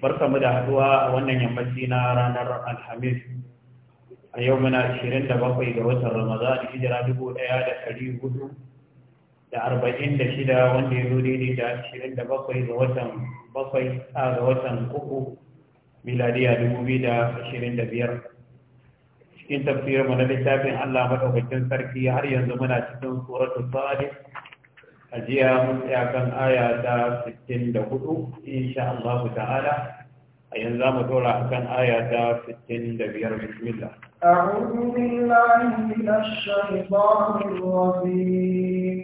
barka mu da haduwa a wannan yammaci na ranar alhamis a yau muna 27 ga watan ramadan hijira 1446 wanda ya zo daidai da 27 ga watan bakwai a ga watan uku miladiya 2025 cikin tafsirin mu na littafin allah maɗaukacin sarki har yanzu muna cikin tsoron sadiq ajiya jiya mun kan aya ta 64 insha Allah ta'ala a yanzu za mu dora kan aya ta 65 bismillah أعوذ بالله من الشيطان الرجيم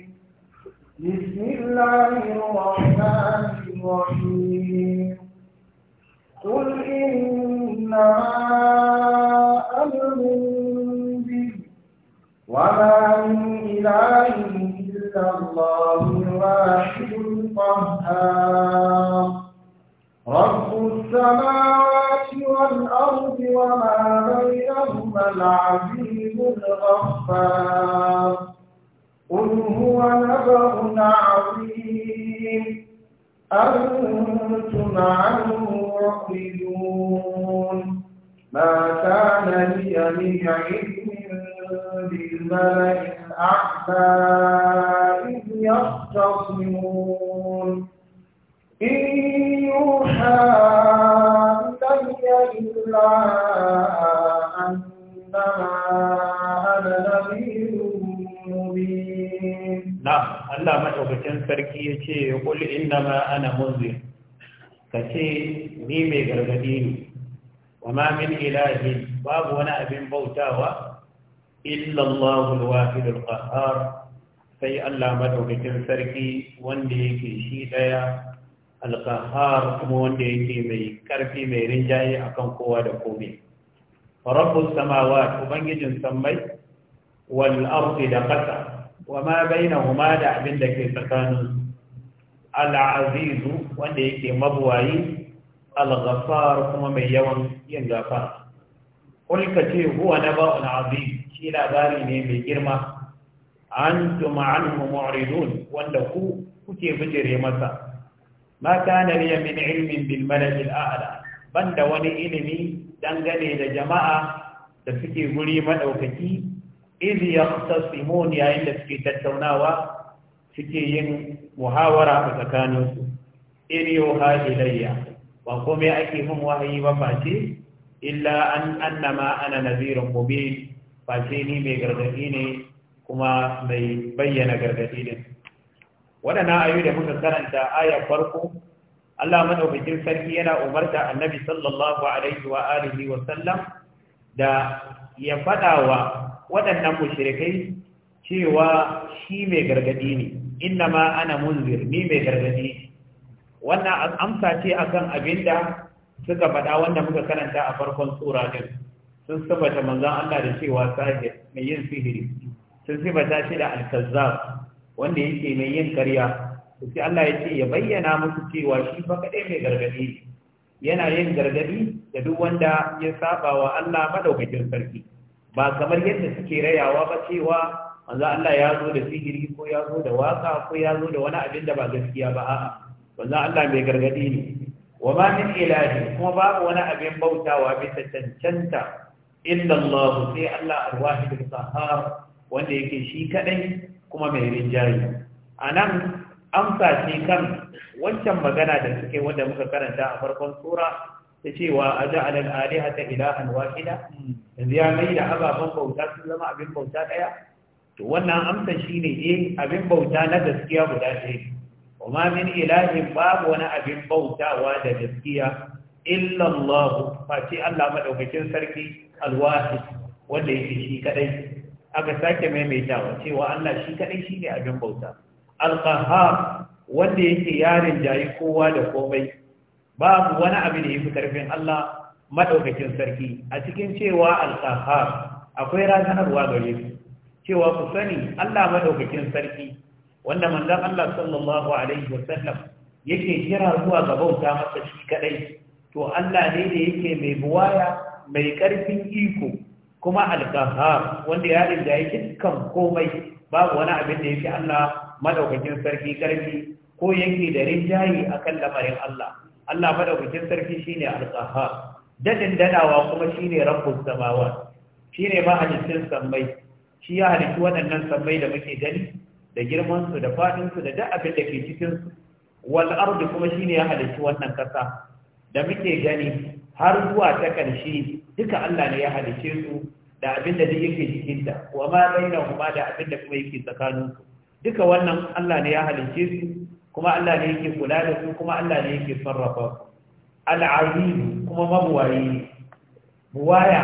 بسم الله الرحمن الرحيم قل إنما أمر به وما من إله ذلك الله الواحد القهار رب السماوات والأرض وما بينهما العزيز الغفار قل هو نبأ عظيم أنتم عنه معرضون ما كان لي من علم بالملئ الأعمى إذ يختصمون إن يوحى إلي إلا أنما أنا نبي مبين نعم الله ما أوكتن فرقي يقول إنما أنا منذر كتي نيمي غرغديني وما من إله باب وانا أبن بوتاوه illallahul wahidul qahhar sai Allah madaukakin sarki wanda yake shi daya alqahhar kuma wanda yake mai karfi mai rinjaye akan kowa da komai rabbus samawati ubangijin sammai wal ardi da qasa wama bainahuma da abin da ke tsakanin al azizu wanda yake mabuwayi al ghafar kuma mai yawan yin gafara kulka ce huwa naba'un azim shi labari ne mai girma an tuma an mu'ridun wanda ku kuke bijire masa ma kana liya min ilmin bil mala'il a'la banda wani ilimi dangane da jama'a da suke guri madaukaki idh yaqtasimun yayin da suke tattaunawa suke yin muhawara a tsakaninsu iri yoha ilayya ba komai ake min wahayi ba face illa an annama ana nazirin mubin face ni mai gargadi ne kuma mai bayyana gargadi ne waɗannan ayu da muka karanta aya farko Allah maɗaukakin sarki yana umarta annabi sallallahu alaihi wa alihi wa sallam da ya faɗa wa waɗannan mushrikai cewa shi mai gargadi ne inna ma ana munzir ni mai gargadi wannan amsa ce akan abinda suka faɗa wanda muka karanta a farkon sura sun sabata manzan Allah da cewa sahir mai yin sihiri sun sabata shi da alkazzab wanda yake mai yin karya sai Allah ya ce ya bayyana musu cewa shi fa kaɗai mai gargadi. yana yin gargadi, da duk wanda ya saba wa Allah madaukakin sarki ba kamar yadda suke rayawa ba cewa manzan Allah ya zo da sihiri ko ya zo da waka ko ya zo da wani abin da ba gaskiya ba a'a manzan Allah mai gargadi ne wa ma min ilahi kuma babu wani abin bautawa bisa cancanta Illallahu Allah sai Allah al-wahid al-qahhar wanda yake shi kadai kuma mai rinjayi anan amsa ce kan wancan magana da suke wanda muka karanta a farkon sura ta cewa aja'al al-alihata ilahan wahida yanzu ya mai da ababen bauta sun zama abin bauta daya to wannan amsa shine eh abin bauta na gaskiya guda ɗaya kuma min ilahin babu wani abin bautawa da gaskiya illallahu face Allah madaukakin sarki alwahi wanda yake shi kadai aka sake maimaitawa cewa Allah shi kadai ne abin bauta alqahar wanda yake yarin jayi kowa da komai babu wani abu da ya fi karfin Allah madaukakin sarki a cikin cewa alqahar akwai razanarwa gare ku cewa ku sani Allah madaukakin sarki wanda manzon Allah sallallahu alaihi wasallam yake kira zuwa ga bauta masa shi kadai to Allah ne da yake mai buwaya mai ƙarfin iko kuma alkahar wanda ya rinda yake kan komai babu wani abin da yake Allah madaukakin sarki ƙarfi ko yake da rinjaye akan lamarin Allah Allah madaukakin sarki shine alkahar dadin dadawa kuma shine rabbus samawa shine mahaliccin sammai shi ya halitta waɗannan sammai da muke gani da girman su da faɗin su da duk abin da ke cikin su wal ardi kuma shine ya halitta wannan kasa da muke gani har zuwa ta ƙarshe duka Allah ne ya halice su da abin da yake jikinta wa ma bainahuma da abin da kuma yake tsakaninsu duka wannan Allah ne ya halice su kuma Allah ne yake kula da su kuma Allah ne yake sarrafa su al'azim kuma mabuwayi buwaya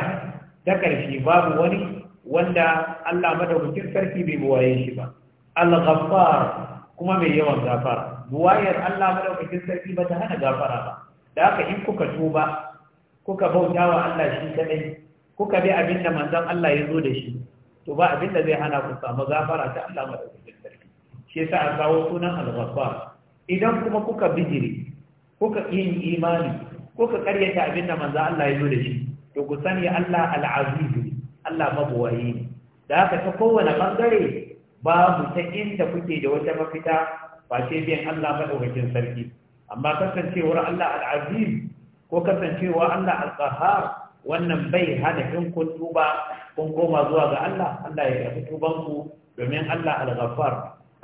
ta ƙarshe babu wani wanda Allah madaukakin sarki bai buwaye shi ba al-ghaffar kuma mai yawan gafara buwayar Allah madaukakin sarki ba ta hana gafara ba da aka in kuka tuba kuka bauta wa Allah shi kadai kuka bi abin da manzon Allah ya zo da shi to ba abin da zai hana ku samu gafara ta Allah madaukakin sarki shi yasa a kawo sunan al-ghaffar idan kuma kuka bijiri kuka yin imani kuka karyata abin da manzon Allah ya zo da shi to ku sani Allah al-aziz Allah mabuwayi ne da aka ta kowane bangare babu ta inda kuke da wata mafita ba sai biyan Allah madaukakin sarki amma kasancewar Allah al ko kasancewa Allah al wannan bai hana in kun tuba kun koma zuwa ga Allah Allah ya yafi tubanku domin Allah al-ghaffar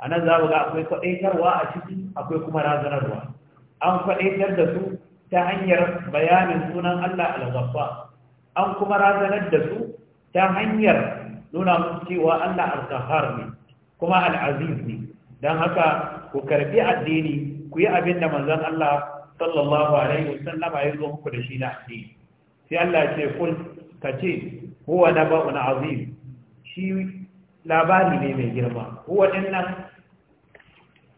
nan za mu ga akwai kwadaitarwa a ciki akwai kuma razanarwa an kwadaitar da su ta hanyar bayanin sunan Allah al-ghaffar an kuma razanar da su ta hanyar nuna musu cewa Allah al-ghaffar ne kuma al-aziz ne dan haka ku karɓi addini ku yi abin da manzon Allah sallallahu alaihi wasallama ya zo muku da shi na addini sai Allah ya ce kul ka ce huwa naba'un azim shi labari ne mai girma huwa dinnan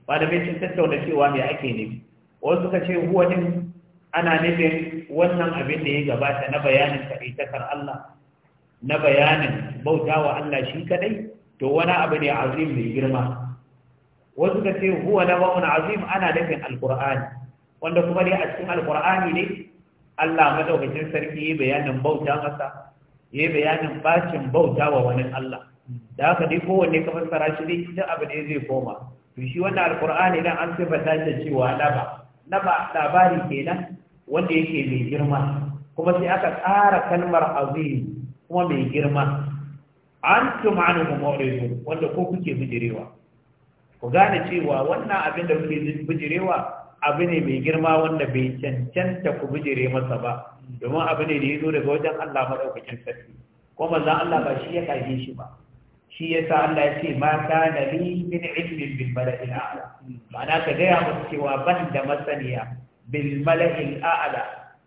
ba da mai tattauna cewa mai ake nufi wasu suka ce huwa din ana nufin wannan abin da ya gabata na bayanin kaɗaitakar Allah na bayanin bautawa Allah shi kaɗai to wani abu ne azim mai girma wasu ka ce huwa na ba'un azim ana nufin alkur'ani wanda kuma dai a cikin alkur'ani ne Allah madaukakin sarki yi bayanin bauta masa yi bayanin bacin bauta wa wani Allah da haka dai kowanne ka fassara shi dai duk abu ne zai koma to shi wannan alkur'ani dan an sifata shi cewa laba labari kenan wanda yake mai girma kuma sai aka ƙara kalmar azim kuma mai girma an tumanu mu'ridu wanda ko kuke bijirewa ku gane cewa wannan abin da kuke bijirewa abu ne mai girma wanda bai cancanta ku bijire masa ba domin abu ne da ya zo daga wajen Allah maɗaukakin sarki ko manzon Allah ba shi ya kage shi ba shi ya sa Allah ya ce ma kana li min ilmin bil mala'il a'la ma'ana ka gaya musu cewa ban da masaniya bil mala'il a'la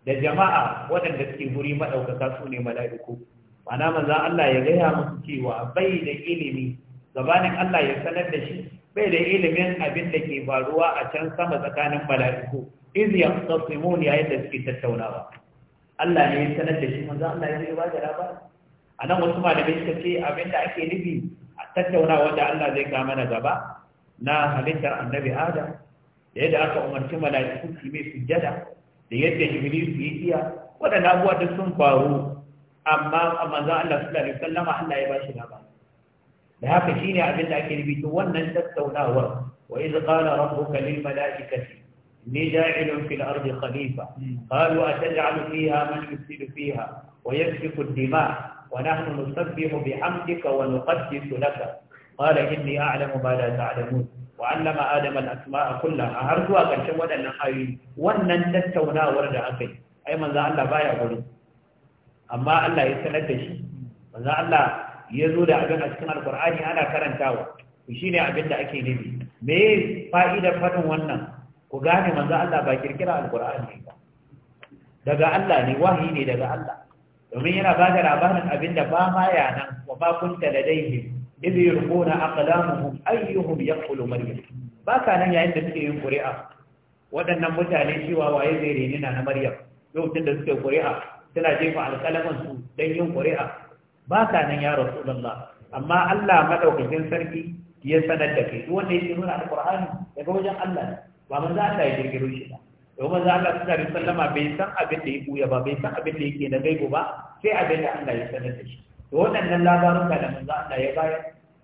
da jama'a waɗanda suke guri maɗaukaka su ne mala'iku ma'ana manzon Allah ya gaya musu cewa bai da ilimi gabanin Allah ya sanar da shi bai da ilimin abin da ke faruwa a can sama tsakanin mala'iku iz yaqtasimun ya yadda suke tattaunawa Allah ne ya sanar da shi manzo Allah ya yi bada labari anan wasu malamai suka ce abin da ake nufi a tattaunawa da Allah zai ga mana gaba na halittar annabi Adam da yadda aka umarci mala'iku su mai sujjada da yadda Iblis ya iya waɗannan abubuwa duk sun faru amma manzo Allah sallallahu alaihi wasallam Allah ya ba shi da haka shine abin da ake nufi wannan tattaunawar wa iz qala rabbuka lil mala'ikati inni ja'ilun fil ardi khalifa qalu ataj'alu fiha man yufsidu fiha wa yasfiku ad-dima' wa nahnu nusabbihu bihamdika wa nuqaddisu laka qala inni a'lamu ma la ta'lamun wa 'allama adama al-asma'a kullaha har zuwa karshen waɗannan ayoyi wannan tattaunawar da aka yi ai manzo Allah baya gurin amma Allah ya sanar da shi manzo Allah ya zo da abin a cikin alkur'ani ana karantawa to shine abin da ake nufi me fa'idar fadin wannan ku gane manzo Allah ba kirkira alkur'ani ne ba daga Allah ne wahayi ne daga Allah domin yana ba da labarin abin da ba ma yanan wa ba kunta ladaihim idh yurquna aqlamuhum ayyuhum yaqulu maryam ba ka nan yayin da suke yin ƙuri'a waɗannan mutane cewa waye zai reni na na maryam lokacin da suke ƙuri'a suna jefa alƙalamin su don yin ƙuri'a ba ka nan ya rasulullah amma Allah madaukakin sarki ya sanar da kai wanda yake nuna alqur'ani daga wajen Allah ba za Allah ya girgiro shi ba to za Allah sallallahu alaihi sallama bai san abin da ya buya ba bai san abin da yake da gaibo ba sai abin da Allah ya sanar da shi to wannan labarin da za Allah ya bayar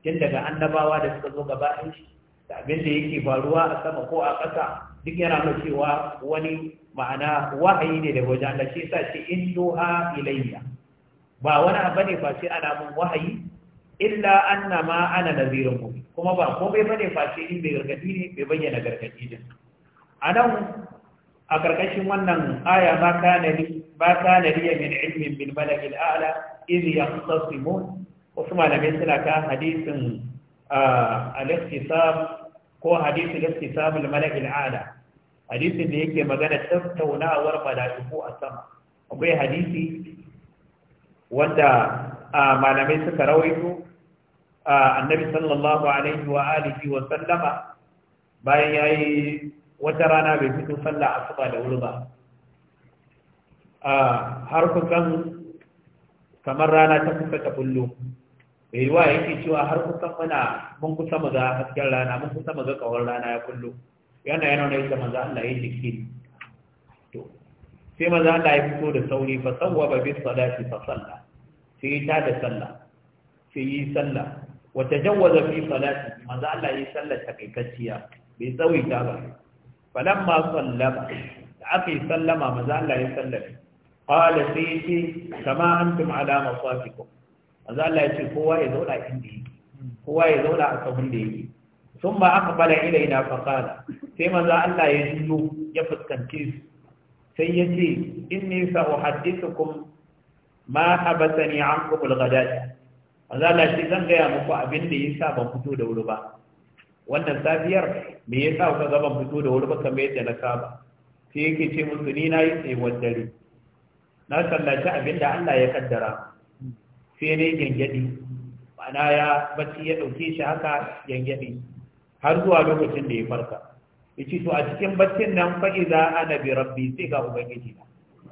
tun daga annabawa da suka zo gaba shi da abin da yake faruwa a sama ko a ƙasa duk yana nuna cewa wani ma'ana wahayi ne daga wajen Allah shi yasa shi in duha ilayya ba wani abu ne face ana mun wahayi illa annama ana nazirun mu kuma ba komai bane face in bai gargadi ne bai bayyana gargadi din anan a karkashin wannan aya ma kana li ba kana li min ilmin bil malakil a'la iz yaqtasimun wasu malamai suna ka hadisin al-ikhtisab ko hadisin al-ikhtisab al malakil a'la hadisin da yake magana tattaunawar mala'iku a sama akwai hadisi wanda malamai suka rawaito annabi sallallahu alaihi wa alihi wa sallama bayan yayi wata rana bai fito sallah asuba da wuri ba har kusan kamar rana ta kusa ta bullo bai yi wa yake cewa har kusan muna mun kusa mu ga hasken rana mun kusa mu ga kawar rana ya kullu yana yana ne da manzo Allah ya jiki to sai maza Allah ya fito da sauri fa sawwa bi salati fa salla sai ya tada sallah sai yi sallah wa tajawwaza fi salati manzo Allah yi sallar takaitacciya bai ta ba falamma sallama da aka yi sallama manzo Allah ya sallame qala sai yace kama antum ala masafikum manzo Allah ya ce kowa ya zauna inda yake kowa ya zauna a sahun da yake sun ba aka bala ilaina faqala sai manzo Allah ya juyo ya fuskanci su sai yace inni sa uhaddithukum ma habasani an kubul gadati manzo Allah shi zan gaya muku abin da yasa ban fito da wuri ba wannan safiyar me yasa kuka ga ban fito da wuri ba kamar yadda na saba sai yake ce musu ni na yi tsayuwar dare na sallaci abin da Allah ya kaddara sai ne gyangyaɗi ma'ana ya bacci ya ɗauke shi haka gyangyaɗi har zuwa lokacin da ya farka ya to a cikin baccin nan fa'iza ana bi rabbi sai ga ubangiji na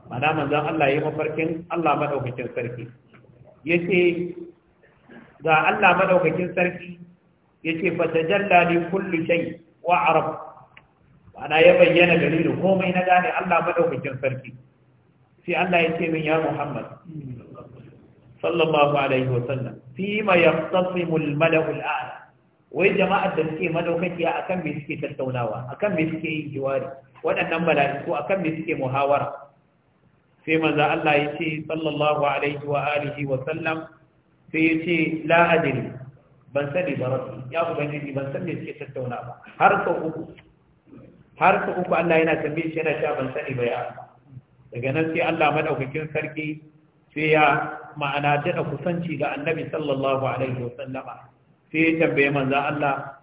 mana manzon Allah ya mafarkin Allah maɗaukakin sarki Ya ce ga Allah maɗaukakin sarki yace fa tajalla li kulli shay wa arab mana ya bayyana gari da komai na gane Allah maɗaukakin sarki sai Allah ya ce min ya Muhammad sallallahu alaihi wa sallam fi ma yaqtasimu al mala'u al a'la wai jama'ar da suke madaukakiya akan me suke tattaunawa akan me suke yin jiwari waɗannan mala'iku akan me suke muhawara sai maza Allah ya ce sallallahu alaihi wa alihi wa sallam sai ya ce la adri ban sani ba rasu ya ubangiji ban san me suke tattauna ba har sau uku har sau uku Allah yana tambaye shi yana cewa ban sani ba ya daga nan sai Allah madaukakin sarki sai ya ma'ana daɗa kusanci ga annabi sallallahu alaihi wa sallama sai ya tambaye manza Allah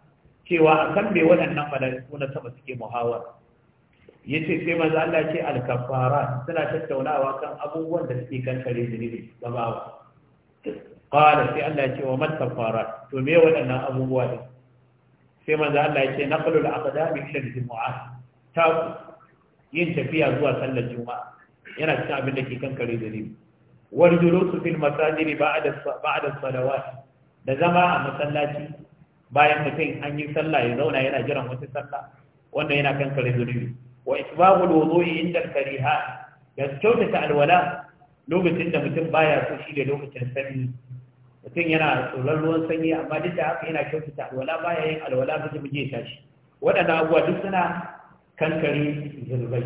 cewa a san me waɗannan mala'iku na sama suke muhawara yace sai manzo Allah ce al-kaffara suna tattaunawa kan abubuwan da suke kankare zunubi gabawa qala sai Allah ce wa man kaffara to me waɗannan abubuwa ne sai manzo Allah ce al aqdami ila al-jumu'ah ta yin tafiya zuwa sallar juma'a yana cikin abin da ke kankare zunubi wal julusu fil masajid ba'da ba'da salawat da zama a masallaci bayan mutum an yi sallah ya zauna yana jiran wata sallah wannan yana kankare zunubi wa babu wudu'i inda al-kariha da kyautata alwala lokacin da mutum baya so da lokacin sanyi mutum yana tsoron ruwan sanyi amma duk da haka yana kyautata alwala baya yin alwala buje buje tashi waɗannan abubuwa duk suna kankare zunubai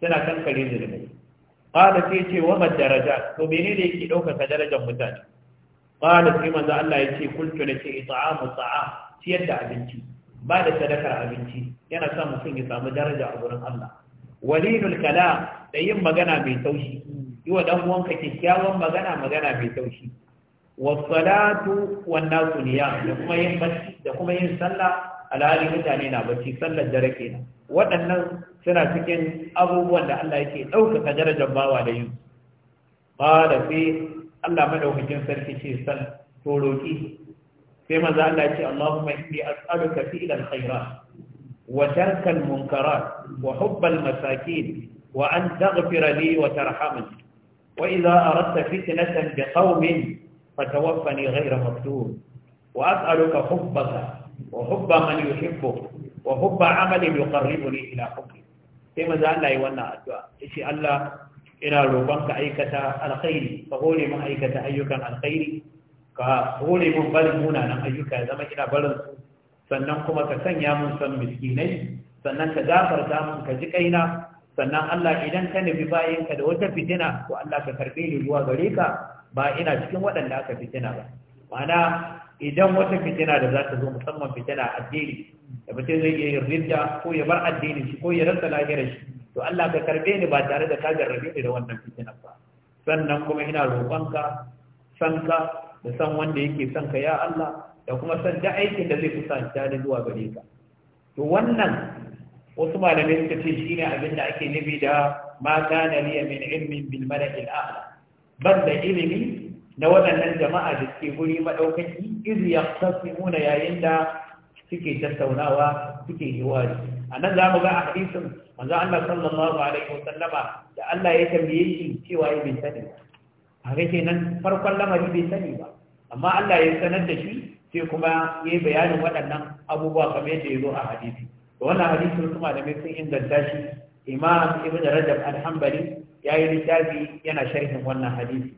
suna kankare zunubai qala sai ce wa daraja to menene yake ɗaukaka darajar mutane qala sai manzo Allah yace kultu nace it'amu ta'a ciyar da abinci ba da sadakar abinci yana sa mutum ya samu daraja a gurin Allah walinul kala da yin magana mai taushi yi wa dan uwanka kyakkyawan magana magana mai taushi wasalatu wan nasu niyam da kuma yin bacci da kuma yin sallah alhali mutane na bacci sallar dare kenan waɗannan suna cikin abubuwan da Allah yake ɗaukaka darajar bawa da yin ba da sai Allah madaukakin sarki ce san to roki sai manzo Allah ya ce Allahumma inni as'aluka fi'lan khairat wa tarkal munkarat wa hubbal masakin wa an taghfira li wa tarhamni wa idha aradta fitnatan bi qaumin fatawaffani ghayra maftun wa as'aluka hubbaka wa hubba man yuhibbuk wa hubba amalin yuqarribuni ila hubbik sai maza Allah yi wannan addu'a yace Allah ina roƙonka aikata alkhairi ka hore mu aikata ayyukan alkhairi ka hore mun barin munanan ayyuka ya zama ina barin su sannan kuma ka sanya mun san miskinai sannan ka gafarta mun ka ji kaina sannan Allah idan ka nufi ka da wata fitina ko Allah ka karbe ni zuwa gare ka ba ina cikin waɗanda aka fitina ba Ma'ana idan wata fitina da za ta zo musamman fitina addini da mutum zai iya yin ridda ko ya bar addini shi ko ya rasa lahirar shi to Allah ka karbe ni ba tare da ka jarrabe ni da wannan fitina ba sannan kuma ina roƙonka sanka da san wanda yake son ka ya Allah da kuma san da aikin da zai kusanta da zuwa gare ka to wannan wasu malamai suka ce shine abin da ake nufi da ma kana liya min ilmin bil mala'il a'la ban da ilimi na waɗannan jama'a da suke guri maɗaukan izu ya yayin da suke tattaunawa suke hiwari a nan za mu ga a hadisin manzo Allah sallallahu alaihi da Allah ya tambaye shi cewa ya bin a ga nan farkon lamari bai sani ba amma Allah ya sanar da shi sai kuma ya yi bayanin waɗannan abubuwa kamar yadda ya zo a hadisi da wannan hadisi wasu malamai sun inganta shi imam ibn rajab al-hanbali ya yi littafi yana sharhin wannan hadisi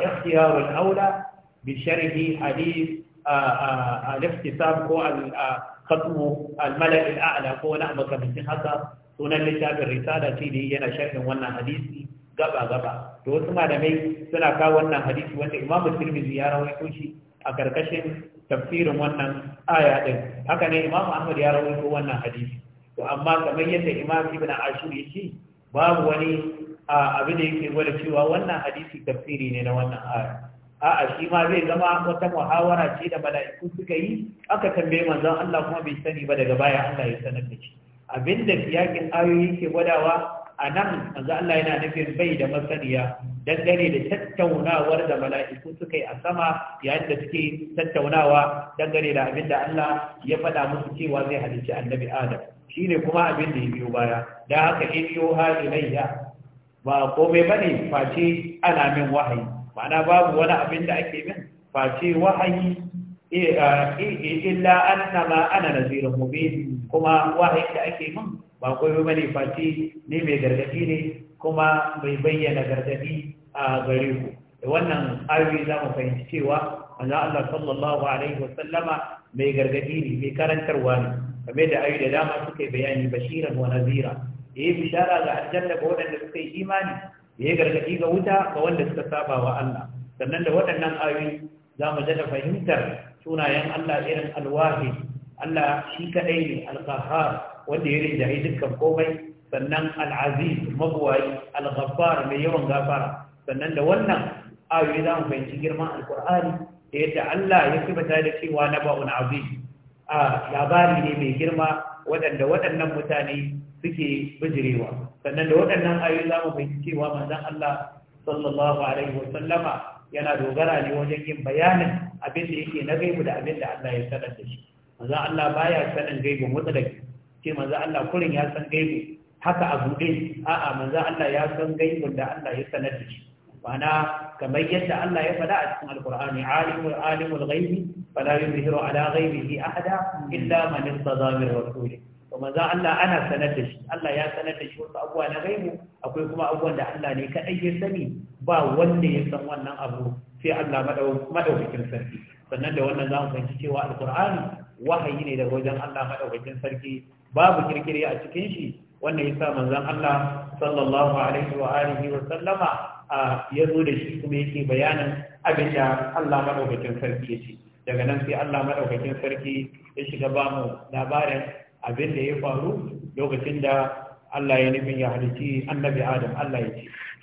ikhtiyarul aula bi sharhi hadith al-iftisab ko al-khatmu al-mala'il a'la ko wani abu kamar haka sunan littafin risala ce da yana sharhin wannan hadisi gaba gaba Da wasu malamai suna kawo wannan hadisi wanda imamu tirmizi ya rawaito shi a karkashin tafsirin wannan aya din haka ne imamu ahmad ya rawaito wannan hadisi to amma kamar yadda imamu ibn ashur yake babu wani abin da yake gwada cewa wannan hadisi tafsiri ne na wannan aya a'a shi ma zai zama wata muhawara ce da mala'iku suka yi aka tambaye manzon Allah kuma bai sani ba daga baya Allah ya sanar da shi abinda yakin ayoyi ke gwadawa a nan manzo Allah yana nufin bai da masaniya dangane da tattaunawar da mala'iku suka yi a sama yayin da suke tattaunawa dangane da abin da Allah ya faɗa musu cewa zai halicci annabi Adam shine kuma abin da ya biyo baya da haka in yo ha ilayya ba komai bane face ana min wahayi ma'ana babu wani abin da ake min face wahayi e, e, e, illa annama ana nazirun mubin kuma wahayi da ake min ba koyo bane fati ne mai gargadi ne kuma mai bayyana gargadi a gare ku wannan ayoyi za mu fahimci cewa manzo Allah sallallahu alaihi sallama mai gargadi ne mai karantarwa ne game da ayoyi da dama suka yi bayani bashiran wa nazira yayi bishara ga aljanna ga waɗanda suka yi imani yayi gargadi ga wuta ga wanda suka saba wa Allah sannan da waɗannan ayoyi za mu daɗa fahimtar sunayen Allah irin alwahi Allah shi kaɗai ne alƙahar wanda ya yi dukkan komai sannan al'aziz magwayi al-ghaffar mai yawan gafara sannan da wannan ayoyi za mu fahimci girman alkur'ani da yadda Allah ya sifata da cewa na ba'un azim a labari ne mai girma waɗanda waɗannan mutane suke bijirewa sannan da waɗannan ayoyi za mu fahimci cewa manzon Allah sallallahu alaihi wa sallama yana dogara ne wajen yin bayanin abin da yake na gaibu da abin da Allah ya sanar da shi manzon Allah baya sanin gaibu mutlaki ce manzo Allah kurin ya san haka a buɗe a'a manzo Allah ya san gaibin da Allah ya sanar da shi kamar yadda Allah ya faɗa a cikin alkur'ani alimul alimul ghaibi fala yuzhiru ala ghaibihi ahada illa man irtada min rasulih to manzo Allah ana sanar da shi Allah ya sanar da shi wasu abubuwa na ghaibu akwai kuma abubuwan da Allah ne kadai ya sani ba wanda ya san wannan abu sai Allah madaukakin sarki sannan da wannan za mu fahimci cewa alkur'ani wahayi ne daga wajen Allah madaukakin sarki babu ƙirƙire a cikin shi wannan yasa manzon Allah sallallahu alaihi wa alihi wa sallama ya zo da shi kuma yake bayanin abin da Allah madaukakin sarki yake daga nan sai Allah madaukakin sarki ya shiga ba mu labarin abin da ya faru lokacin da Allah ya nufin ya halici annabi Adam Allah ya ce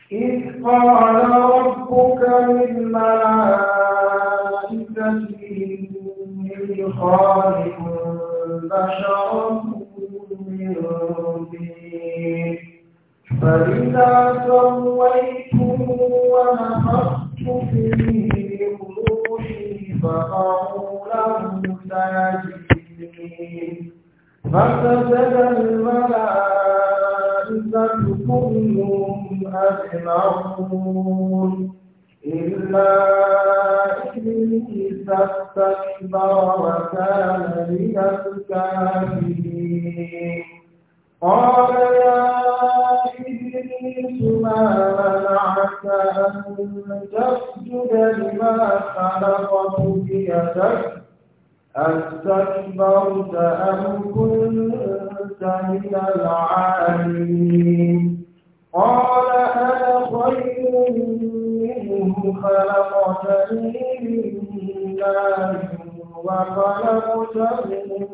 إذ قال ربك للملائكة إني خالق بشرا فيه فإذا سويته ونفخت فيه من روحي فقعوا له ساجدين فسجد الملائكة كلهم أجمعون إلا إبليس استكبر وكان من قال يا إبليس ما منعك أن تسجد لما خلقت بيدك أستكبرت أم كنت من العالمين قال أنا خير منه خلقتني من نار وخلقته من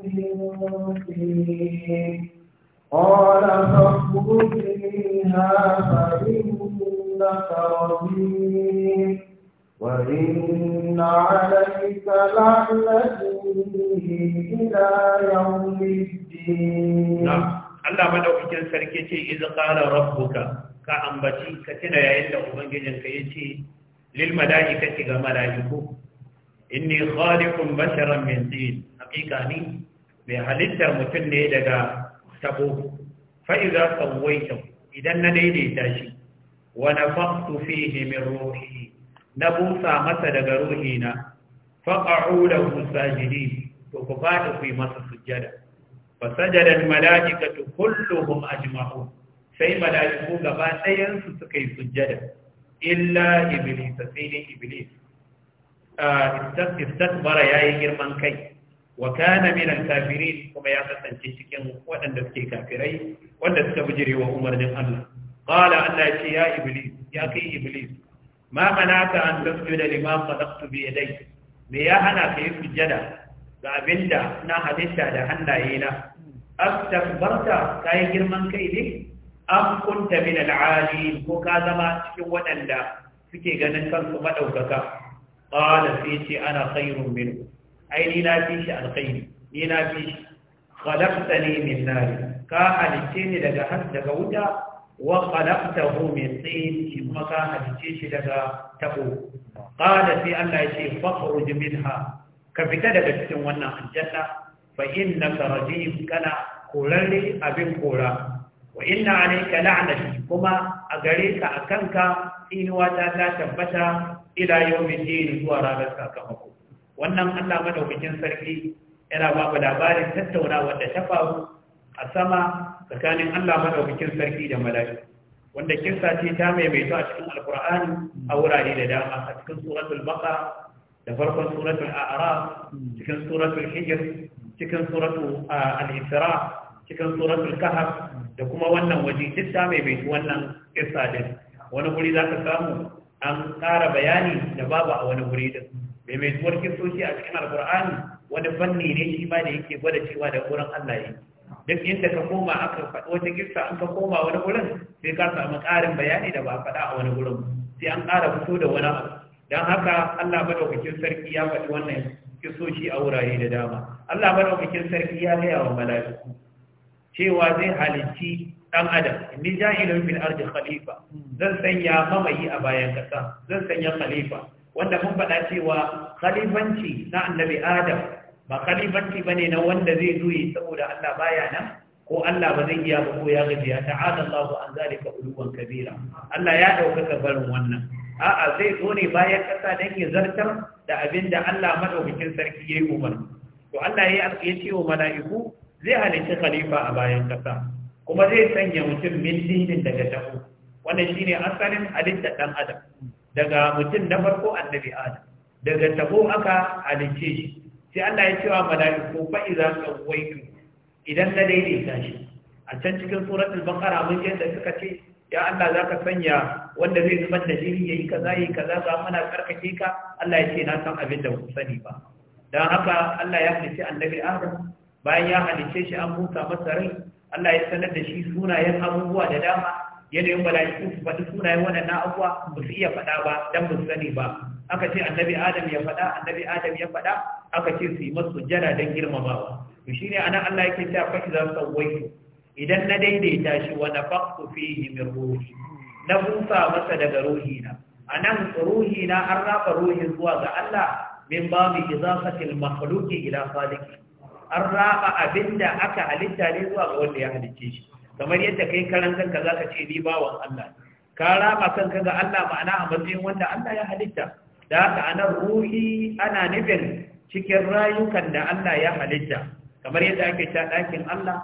طين قال فاخرج منها فإنك رجيم وإن عليك لعنتي إلى يوم الدين Allah madaukakin sarki ce iz qala rabbuka ka ambaci ka tuna yayin da ka yace lil malaikati ga malaiku inni khaliqun basharan min tin haqiqa ni mai halittar mutum ne daga tabo fa'iza tsawaikin idan na daidaita shi wa na faktu fihi min ruhi na busa masa daga ruhina faƙa'u da jini, to ku faɗi ku yi masa sujjada fa sajadan mala'ikatu kulluhum ajma'un sai mala'iku gaba ɗayansu suka yi sujjada illa iblis sai dai iblis ah, istakbara yayi girman kai wa kana min al-kafirin kuma ya kasance cikin waɗanda suke kafirai wanda suka bijire wa umarnin Allah qala Allah ce ya iblis ya kai iblis ma manaka an tasjuda lima khalaqtu bi yadayya me ya hana ka yi sujjada ga abinda na halitta da hannaye na astakbarta kai girman kai ne am kunta min al-ali ko ka zama cikin waɗanda suke ganin kansu madaukaka qala sai ce ana khairun minhu ai ni na fi shi alkhairi ni na fi shi khalaqtani min nar ka halice ni daga har daga wuta wa khalaqtahu min tin shi kuma ka halice shi daga tabo qala sai Allah ya ce fakhruj minha ka fita daga cikin wannan aljanna fa innaka rajim kana korarre abin kora wa inna alayka la'nati kuma a gare ka akanka inuwa ta ta tabbata ila yawmin din zuwa ranar sakamako wannan Allah madaukakin sarki yana ba mu labarin tattaunawa da ta faru a sama tsakanin Allah madaukakin sarki da mala'iku wanda kissa ce ta maimaito a cikin alkur'ani a wurare da dama a cikin suratul baqara da farkon suratul a'raf cikin suratul hijr cikin suratul al-isra cikin suratul kahf da kuma wannan waje duk ta maimaito wannan kissa din wani guri ka samu an ƙara bayani da babu a wani guri din mai mai tuwar kiristoci a cikin alkur'ani wani fanni ne shi ma da yake gwada cewa da wurin Allah yake duk inda ka koma aka faɗi wata kirsa an ka koma wani wurin sai ka samu ƙarin bayani da ba a faɗa a wani wurin sai an ƙara fito da wani abu don haka Allah madaukakin sarki ya faɗi wannan kisoshi a wurare da dama Allah madaukakin sarki ya gaya wa mala'iku cewa zai halicci dan adam inni ja'ilun fil ardi khalifa zan sanya mamayi a bayan kasa zan sanya khalifa wanda mun faɗa cewa khalifanci na annabi adam ba ba ne na wanda zai zuyi saboda Allah baya nan ko Allah ba zai iya ba ko ya gajiya ta'ala an zalika uluwan kabira Allah ya ɗaukaka barin wannan a'a zai zo ne bayan ƙasa don ya zartar da abin da Allah bikin sarki ya yi umar to Allah ya ya ce wa mala'iku zai halicci khalifa a bayan kasa kuma zai sanya mutum min dinin daga taho wannan shine asalin halitta dan adam daga mutum na farko annabi adam daga tabo aka halice shi sai Allah ya ce wa mala'iku fa idza sawaitu idan na daidaita shi a can cikin suratul baqara mun da suka ce ya Allah zaka sanya wanda zai zubar da jini yayi kaza yayi kaza ga mana karkake ka Allah ya ce na san abin da ku sani ba dan haka Allah ya halice annabi adam bayan ya halice shi an buka masa rai Allah ya sanar da shi sunayen abubuwa da dama yanayin mala'iku su faɗi sunayen waɗannan abuwa ba su iya faɗa ba don ba su sani ba aka ce annabi adam ya faɗa annabi adam ya faɗa aka ce su yi masu jara don girmamawa to shi ne anan Allah yake cewa fa idza sawaitu idan na daidaita shi wa nafaqtu yi min ruhi na busa masa daga ruhi na anan ruhi na an rafa ruhi zuwa ga Allah min babu izafatil makhluqi ila khaliqi an raba abinda aka halitta ne zuwa ga wanda ya halicce shi kamar yadda kai karan kanka za ka ce ni bawan Allah ka rama kanka ga Allah ma'ana a matsayin wanda Allah ya halitta da haka anan ruhi ana nufin cikin rayukan da Allah ya halitta kamar yadda ake ta ɗakin Allah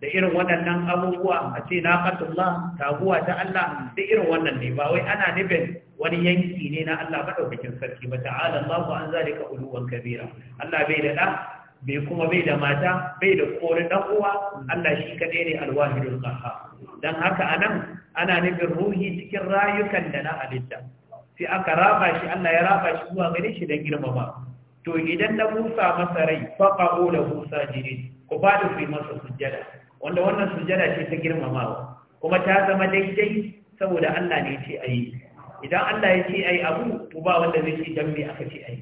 da irin waɗannan abubuwa a ce na ƙatullah taguwa ta Allah da irin wannan ne ba wai ana nufin wani yanki ne na Allah maɗaukakin sarki ba ta'ala Allah an zalika uluwan kabira Allah bai da ɗa bai kuma bai da mata bai da kori dan uwa Allah shi kaɗai ne alwahidul qahhar dan haka anan ana nufin ruhi cikin rayukan da na halitta sai aka raba shi Allah ya raba shi zuwa gare shi girmama to idan na musa masa rai faqa'u la musa jirin ku da fi masa sujjada wanda wannan sujjada ce ta girmamawa kuma ta zama daidai saboda Allah ne ya ce ayi idan Allah ya ce ayi abu to ba wanda zai ce dan me aka ce ayi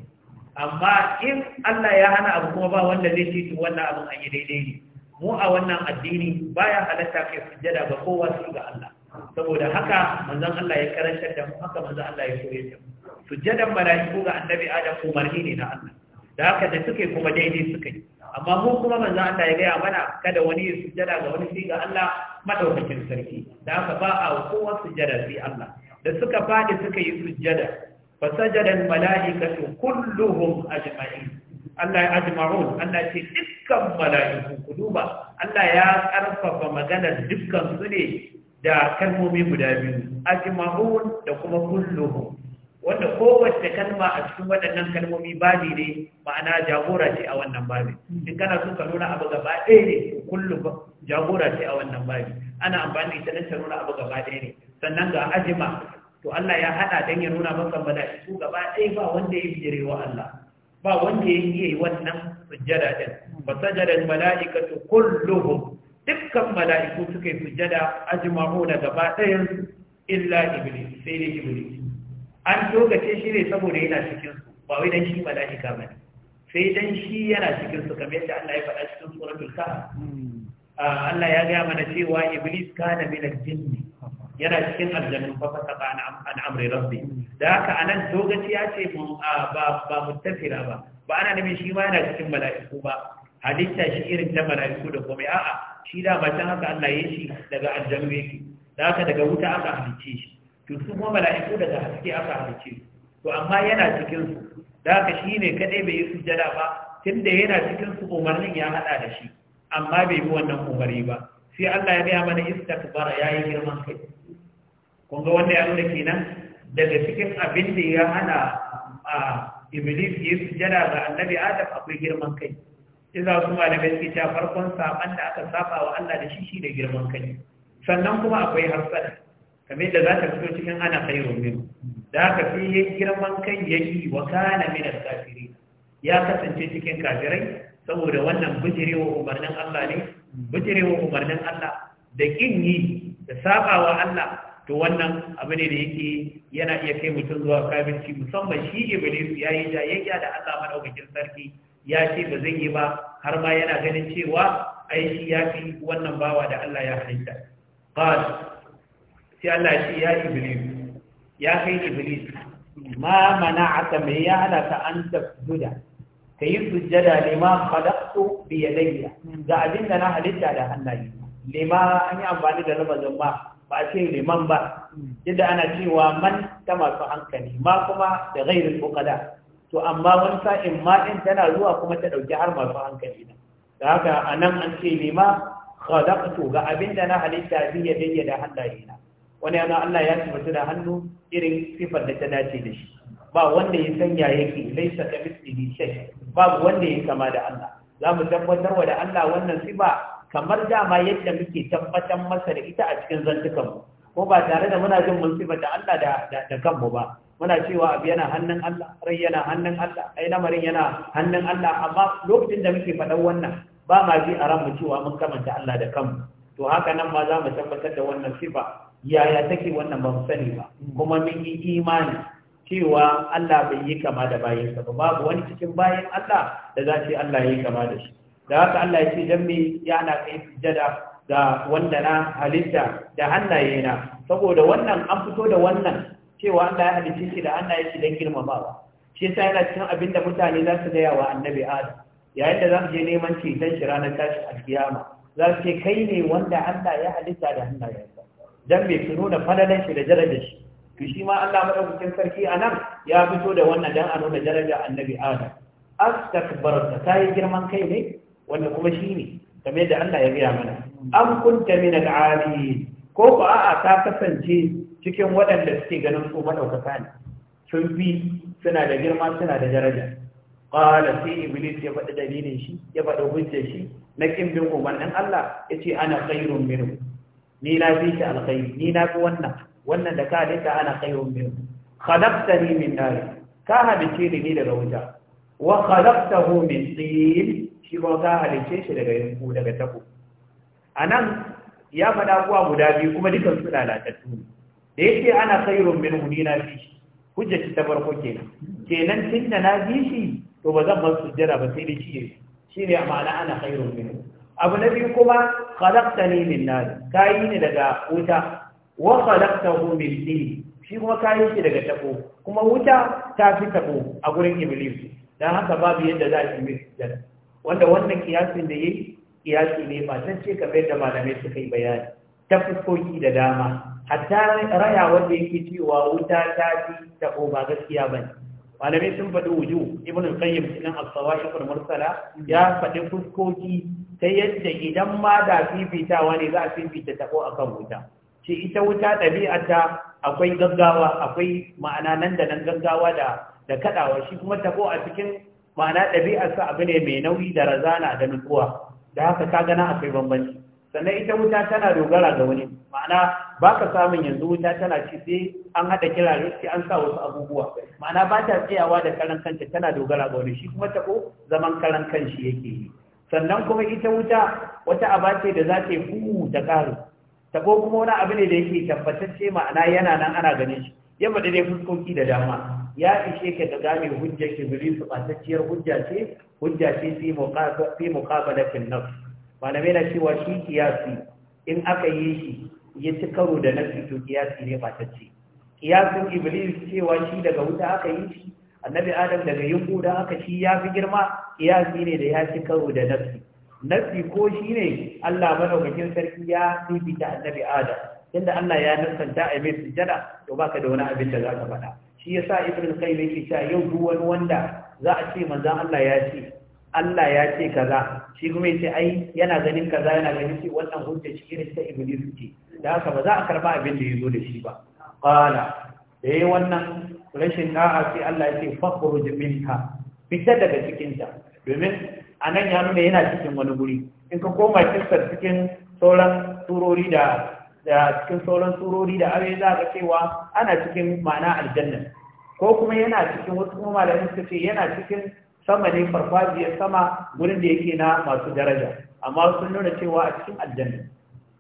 amma in Allah ya hana abu kuma ba wanda zai ce to wannan abin an yi daidai ne mu a wannan addini baya halatta kai sujjada ga kowa su ga Allah saboda haka manzon Allah ya karantar da mu haka manzon Allah ya koyar da mu sujjadan mala'iku ga annabi Adam umarni ne na Allah da haka da suke kuma daidai suka amma mu kuma manzon Allah ya gaya mana kada wani ya sujjada ga wani sai ga Allah madaukakin sarki da haka ba a kowa sujjada sai Allah da suka fadi suka yi sujjada fasajadan mala'ikatu kulluhum ajma'in Allah ajma'un Allah ce dukkan mala'iku ku duba Allah ya karfafa maganar dukkan su ne da kalmomi guda biyu ajma'un da kuma kulluhum wanda kowace kalma a cikin waɗannan kalmomi babi ne ma'ana jagora ce a wannan babi in kana so ka nuna abu gaba ɗaya ne kullum jagora ce a wannan babi ana amfani da ita don ta nuna abu gaba ɗaya ne sannan ga ajima to Allah ya hada dan ya nuna maka bada su gaba ɗaya ba wanda ya bijire wa Allah ba wanda ya yi wannan sujjada din ba sajada malaikatu kulluhum dukkan mala'iku suka yi sujjada ajma'una gaba daya illa iblis sai dai iblis an lokace shi ne saboda yana cikin su ba wai dan shi mala'ika ne. sai dan shi yana cikin su kamar yadda Allah ya faɗa cikin suratul kahf hmm. ah, Allah ya ga mana cewa iblis kana min al jinn yana cikin aljannu fa fasaka an amri rabbi da haka anan dogaci ya ce ba ba mutafira ba ba ana nabi shi ma yana cikin mala'iku ba halitta shi irin ta mala'iku da komai a'a shi da ba can haka Allah ya shi daga aljannu yake da haka daga wuta aka halicce shi to su kuma mala'iku daga haske aka halicce su to amma yana cikin su da haka shi ne kadai bai yi sujjada ba tunda yana cikin su umarnin ya hada da shi amma bai yi wannan umari ba sai Allah ya gaya mana istakbara yayi girman kai kun ga wanda ya nuna kenan daga cikin abin da ya hana a iblis ya sujada ga annabi adam akwai girman kai iza su da gaske ta farkon saban da aka saba wa Allah da shi shi da girman kai sannan kuma akwai hasada kamar da za ta fito cikin ana khairu min da aka fi yi girman kai yayi wa kana min al ya kasance cikin kafirai saboda wannan bujirewa umarnin Allah ne bujirewa umarnin Allah da kin yi da saba wa Allah to wannan abu ne da yake yana iya kai mutum zuwa ci, musamman shi iblis ya yi jayayya da Allah madaukakin sarki ya ce ba zai yi ba har ma yana ganin cewa ai ya fi wannan bawa da Allah ya halitta Ba sai Allah shi ya iblis ya kai iblis ma aka me ya hana ka an tasjuda kayi sujjada lima khalaqtu bi yadayya ga abin da na halitta da hannaye lima an yi amfani da lamazin ma ba ce liman ba yadda ana cewa man ta masu hankali ma kuma da rairin kokada to amma wani sa'in ma din tana zuwa kuma ta dauki har masu hankali na da haka a nan an ce lima khalaqtu ga abinda na halitta bi yadayya da hannaye na wani yana Allah ya tabbata da hannu irin sifar da ta dace da shi ba wanda ya sanya yake laisa ka mislihi shay babu wanda ya kama da Allah za mu tabbatar wa da Allah wannan sifa kamar dama yadda muke tabbatar masa da ita a cikin zantukanmu ko ba tare da muna jin mun da Allah da kanmu ba muna cewa abu yana hannun Allah rai yana hannun Allah ai lamarin yana hannun Allah amma lokacin da muke faɗan wannan ba ma ji a ranmu cewa mun kamanta Allah da kanmu to haka nan ma za mu tabbatar da wannan sifa yaya take wannan ba mu sani ba kuma mun yi imani cewa Allah bai yi kama da bayansa ba babu wani cikin bayan Allah da za ce Allah ya yi kama da shi da haka Allah ya ce dan me ya na kai sujjada ga wanda na halitta da hannaye na saboda wannan an fito da wannan cewa Allah ya halicce shi da hannaye shi don girmamawa shi yasa yana cikin abinda mutane za su gaya wa annabi Adam yayin da za su je neman cetan shi ranar tashi kiyama. za su ce kai ne wanda Allah ya halitta da hannayensa dan me su nuna fadalan shi da darajar shi to shi ma Allah madaukakin sarki anan ya fito da wannan dan a nuna darajar annabi Adam astakbarta yi girman kai ne wanda kuma shi shine kamar da Allah ya gaya mana An kunta min al ko ko a'a ta kasance cikin waɗanda suke ganin su madaukaka ne sun bi suna da girma suna da daraja qala sai iblis ya faɗi dalilin shi ya faɗi hujjar shi na kin bin umarnin Allah ya ce ana khairun minhu ni na fi shi alkhairi ni na fi wannan wannan da ka halitta ana khairun minhu khalaqtani min nar ka halice ni daga wuta wa khalaqtahu min tin shi ba ka halicce shi daga yanku daga taku? a nan ya faɗa kuwa guda biyu kuma dukkan su lalatattu ne da yake ana khairun min huni na fi shi shi ta farko kenan kenan tun da na bi shi to ba zan bar sujjada ba sai da shi ne, shi ne a ma'ana ana khairun min abu na biyu kuma kalakta ne min nar kayi ni daga wuta wa khalaqtahu min tin shi kuma kayi shi daga taku. kuma wuta ta fi tako a gurin iblis don haka babu yadda za ki yi sujjada wanda wannan kiyasin da yayi kiyasi ne ba zan ce kamar yadda malamai suka yi bayani ta fuskoki da dama hatta raya wanda yake cewa wuta ta fi tabo ba gaskiya ba malamai sun faɗi wuju ibn al-qayyim cikin mursala ya faɗi fuskoki ta yadda idan ma da fifitawa ne za a fifita tabo akan wuta ce ita wuta ɗabi'ata akwai gaggawa akwai ma'ana nan da nan gaggawa da da kadawa shi kuma tabo a cikin ma'ana ɗabi'arsa abu ne mai nauyi da razana da nutsuwa da haka ka gana akwai bambanci sannan ita wuta tana dogara ga wani ma'ana ba ka samun yanzu wuta tana ci sai an haɗa kira sai an sa wasu abubuwa ma'ana ba ta tsayawa da karan kanta tana dogara ga wani shi kuma taɓo zaman karan kanshi yake yi sannan kuma ita wuta wata aba ce da za ta yi hu ta ƙaru taɓo kuma wani abu ne da yake tabbatacce ma'ana yana nan ana ganin shi yamma da dai fuskoki da dama ya ishe ka da gami hujjar su ɓatacciyar hujja ce hujja ce fi muqabalatin nafs malamai na cewa shi kiyasi in aka yi shi ya ci karo da nafsi to kiyasi ne ɓatacce kiyasin iblis cewa shi daga wuta aka yi shi annabi adam daga yin kuda aka shi ya fi girma kiyasi ne da ya ci karo da nafsi nafsi ko shi ne Allah madaukakin sarki ya fifita annabi adam tunda Allah ya nufanta a mai sujjada to baka da wani abin da za ka faɗa shi yasa ibn al-qayyim yake cewa yau duk wani wanda za a ce manzo Allah ya ce Allah ya ce kaza shi kuma yace ai yana ganin kaza yana ganin shi wannan hujja ce irin ta iblis ce da haka ba za a karba abin da yazo da shi ba qala eh wannan rashin da'a sai Allah yake fakhruj minka fita daga cikin ta domin anan ya nuna yana cikin wani guri in ka koma cikin cikin sauran turori da da cikin sauran surori da abin za ga cewa ana cikin ma'ana aljanna ko kuma yana cikin wasu kuma malamin suka ce yana cikin sama ne farfajiyar sama gurin da yake na masu daraja amma sun nuna cewa a cikin aljanna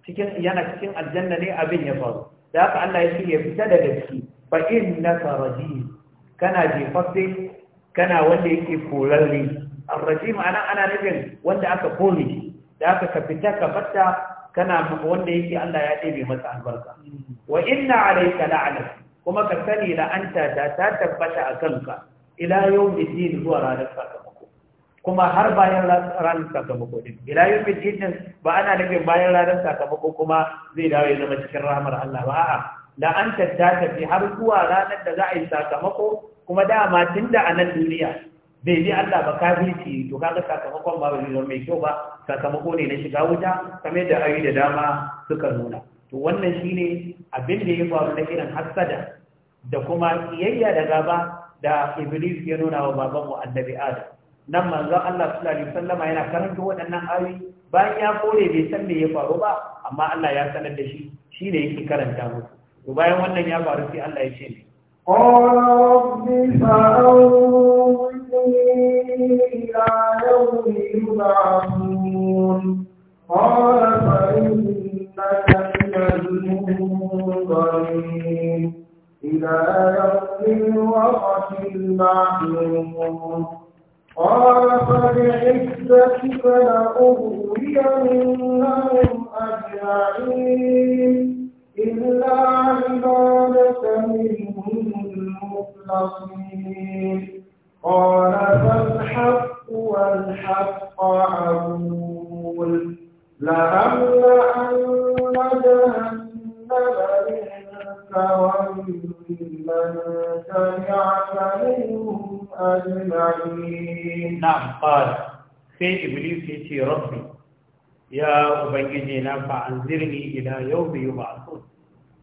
cikin yana cikin aljanna ne abin ya faru da haka Allah ya ce ya fita daga ciki fa inna rajim kana jefaffe kana wanda yake korarre arrajim ma'ana ana nufin wanda aka kore da aka ka fita ka fatta? kana wanda yake Allah ya ɗebe masa albarka mm. wa inna alayka la'anat kuma ka sani la'anta ta ta tabbata a kanka ila yawmin din zuwa ranar sakamako kuma har bayan ranar sakamako din ila yawmin din ba ana nufin bayan ranar sakamako kuma zai dawo ya zama cikin rahmar Allah ba a'a da la'anta ta tafi har zuwa ranar da za a yi sakamako kuma dama tun da a nan duniya bai bi Allah ba kafirci to kaga sakamakon ba zai zama mai kyau ba sakamako ne na shiga wuta kamar da ayi da dama suka nuna to wannan shine abin da ya faru na irin hassada da kuma kiyayya da gaba da iblis ya nuna wa baban mu annabi adam nan manzo Allah sallallahu alaihi wasallama yana karanta waɗannan ayoyi bayan ya kore bai san me ya faru ba amma Allah ya sanar da shi shine yake karanta musu to bayan wannan ya faru sai Allah ya ce قال رب فأنظرني إلى يوم يبعثون قال فإنك من المنظرين إلى يوم الوقت المعلوم قال فبعزتك لأغوينهم أجمعين إلا عبادك منهم المخلصين قال فالحق والحق أقول لأملأن جهنم منك وممن تبعك منهم أجمعين نعم قال في إبليس يتي ربي يا أبنجي نفع أنزلني إلى يوم يبعثون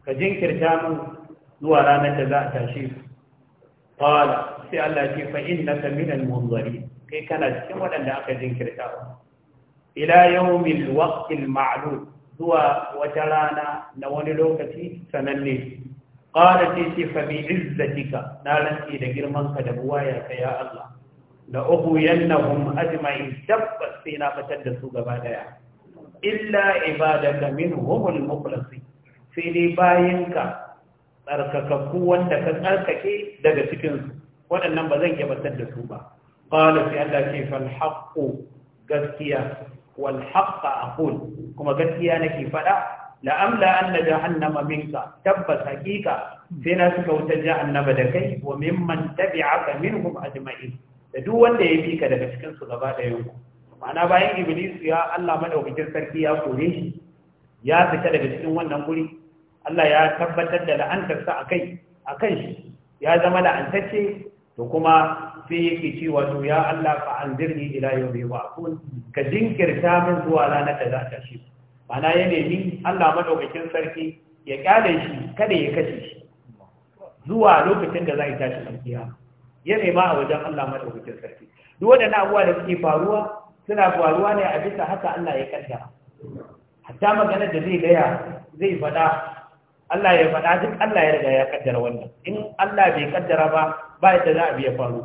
ka jinkirta min zuwa ranar da za a tashi su sai Allah ce fa innaka minal munzari kai kana cikin waɗanda aka jinkirta ila yaumin waƙil ma'alu zuwa wata rana na wani lokaci sananne qala sai ce fa izzatika na rantsi da girman ka da buwaya ka ya Allah la ughwiyannahum ajma'in tabbas sai na fitar da su gaba ɗaya illa ibadaka minhumul mukhlasin sai dai bayinka tsarkakakku wanda ka tsarkake daga cikinsu waɗannan ba zan gabatar da su ba ƙwallo sai Allah ce falhaƙo gaskiya walhaƙa a kuma gaskiya nake faɗa la'amla an na jahannama minka tabbas hakika sai na suka wutar jahannama da kai wa mimman tabi'aka minhum ajma'in da duk wanda ya bi ka daga cikin su gaba da yanku ma'ana bayan iblis ya Allah madaukakin sarki ya kore shi ya fita daga cikin wannan guri Allah ya tabbatar da la'antarsa a kai a kan shi ya zama la'antacce to kuma sai yake ci wato ya Allah fa anzirni ila yau yawmi yub'athun ka jinkirta min zuwa ranar da za ta shi mana ya nemi Allah madaukakin sarki ya kyale shi kada ya kashe shi zuwa lokacin da za a tashi alkiya ya nema a wajen Allah madaukakin sarki duk waɗannan abubuwa da suke faruwa suna faruwa ne a bisa haka Allah ya kaddara hatta maganar da zai gaya zai faɗa Allah ya faɗa duk Allah ya riga ya kaddara wannan in Allah bai kaddara ba ba yadda za a biya faru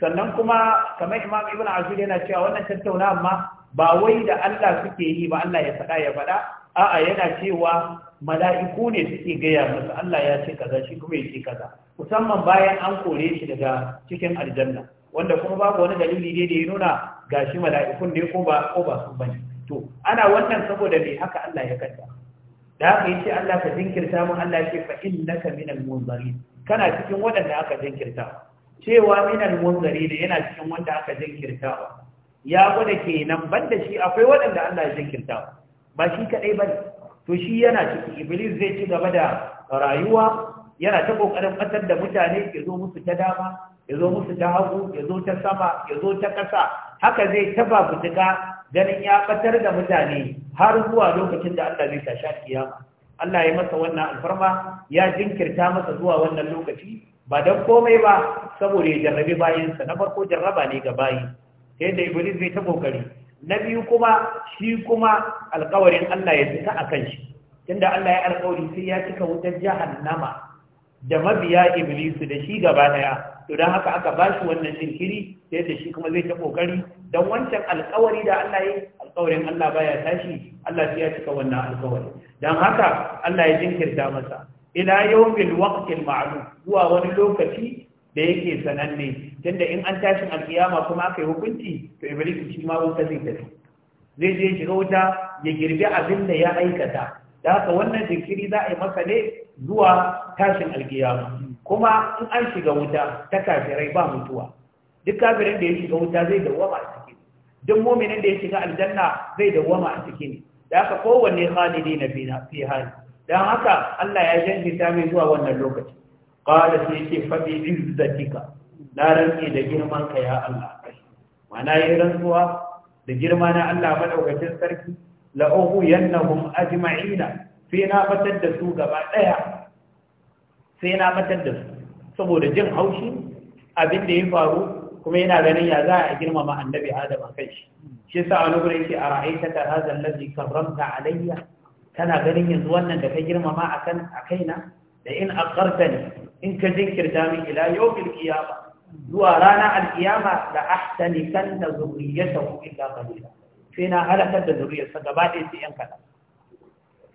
sannan kuma kamar Imam Ibn Azur yana cewa wannan tattaunawa ma ba wai da Allah suke yi ba Allah ya faɗa ya faɗa a'a yana cewa mala'iku ne suke gaya masa Allah ya ce kaza shi kuma ya ce kaza musamman bayan an kore shi daga cikin aljanna wanda kuma babu wani dalili ne da ya nuna gashi mala'ikun ne ko ba ko ba su bane to ana wannan saboda me haka Allah ya kaddara da yi ce Allah ka jinkirta mu Allah yace fa innaka minal munzarin kana cikin waɗanda aka jinkirta cewa minal munzarin yana cikin wanda aka jinkirta ya gwada kenan banda shi akwai waɗanda Allah ya jinkirta ba shi kadai bane to shi yana ciki iblis zai ci gaba da rayuwa yana ta kokarin fatar da mutane ya zo musu ta dama ya zo musu ta hagu ya zo ta sama ya zo ta ƙasa haka zai taba butuka ganin ya fatar da mutane har zuwa lokacin da Allah zai tashi a kiyama Allah ya masa wannan alfarma ya jinkirta masa zuwa wannan lokaci ba dan komai ba saboda ya jarrabe bayansa na farko jarraba ne ga bayi sai da iblis zai ta kokari na biyu kuma shi kuma alkawarin Allah ya cika a kan shi tunda Allah ya alkawari sai ya cika wutar jahannama da mabiya Iblis da shi gaba daya to dan haka aka bashi wannan jinkiri sai da shi kuma zai ta kokari dan wancan alkawari da Allah ya alƙawarin Allah baya tashi Allah ya cika wannan alƙawari dan haka Allah ya jinkirta masa ila yawmil waqtil ma'lum zuwa wani lokaci da yake sananne tunda in an tashin alƙiyama kuma aka yi hukunci to iblis shi ma wuta zai tafi zai je shiga wuta ya girbi abin da ya aikata da haka wannan jinkiri za a yi masa ne zuwa tashin alƙiyama. kuma in an shiga wuta ta kafirai ba mutuwa duk kafirin da ya shiga wuta zai shi duk muminin da ya shiga aljanna zai dawwama a ciki ne da aka kowanne khalidi na fi hali dan haka Allah ya ta mai zuwa wannan lokaci qala sai yake fa bi izzatika na rantsi da girman ka ya Allah mana yi rantsuwa da girma na Allah madaukakin sarki la uhu yanahum ajma'ina sai na batar da su gaba daya sai na batar da su saboda jin haushi abin da ya faru kuma yana ganin ya za a girmama annabi adam a kai shi shi sa wani gurin yake a ra'aita ta hadha allazi karramta alayya kana ganin yanzu wannan da ka girmama akan a kaina da in ne. in ka jinkirta min ila yawmil qiyamah zuwa rana alkiyama da ahsani kan da zuriyatahu illa qalila sai na halakar da zuriyarsa gaba ɗaya sai yan kaɗan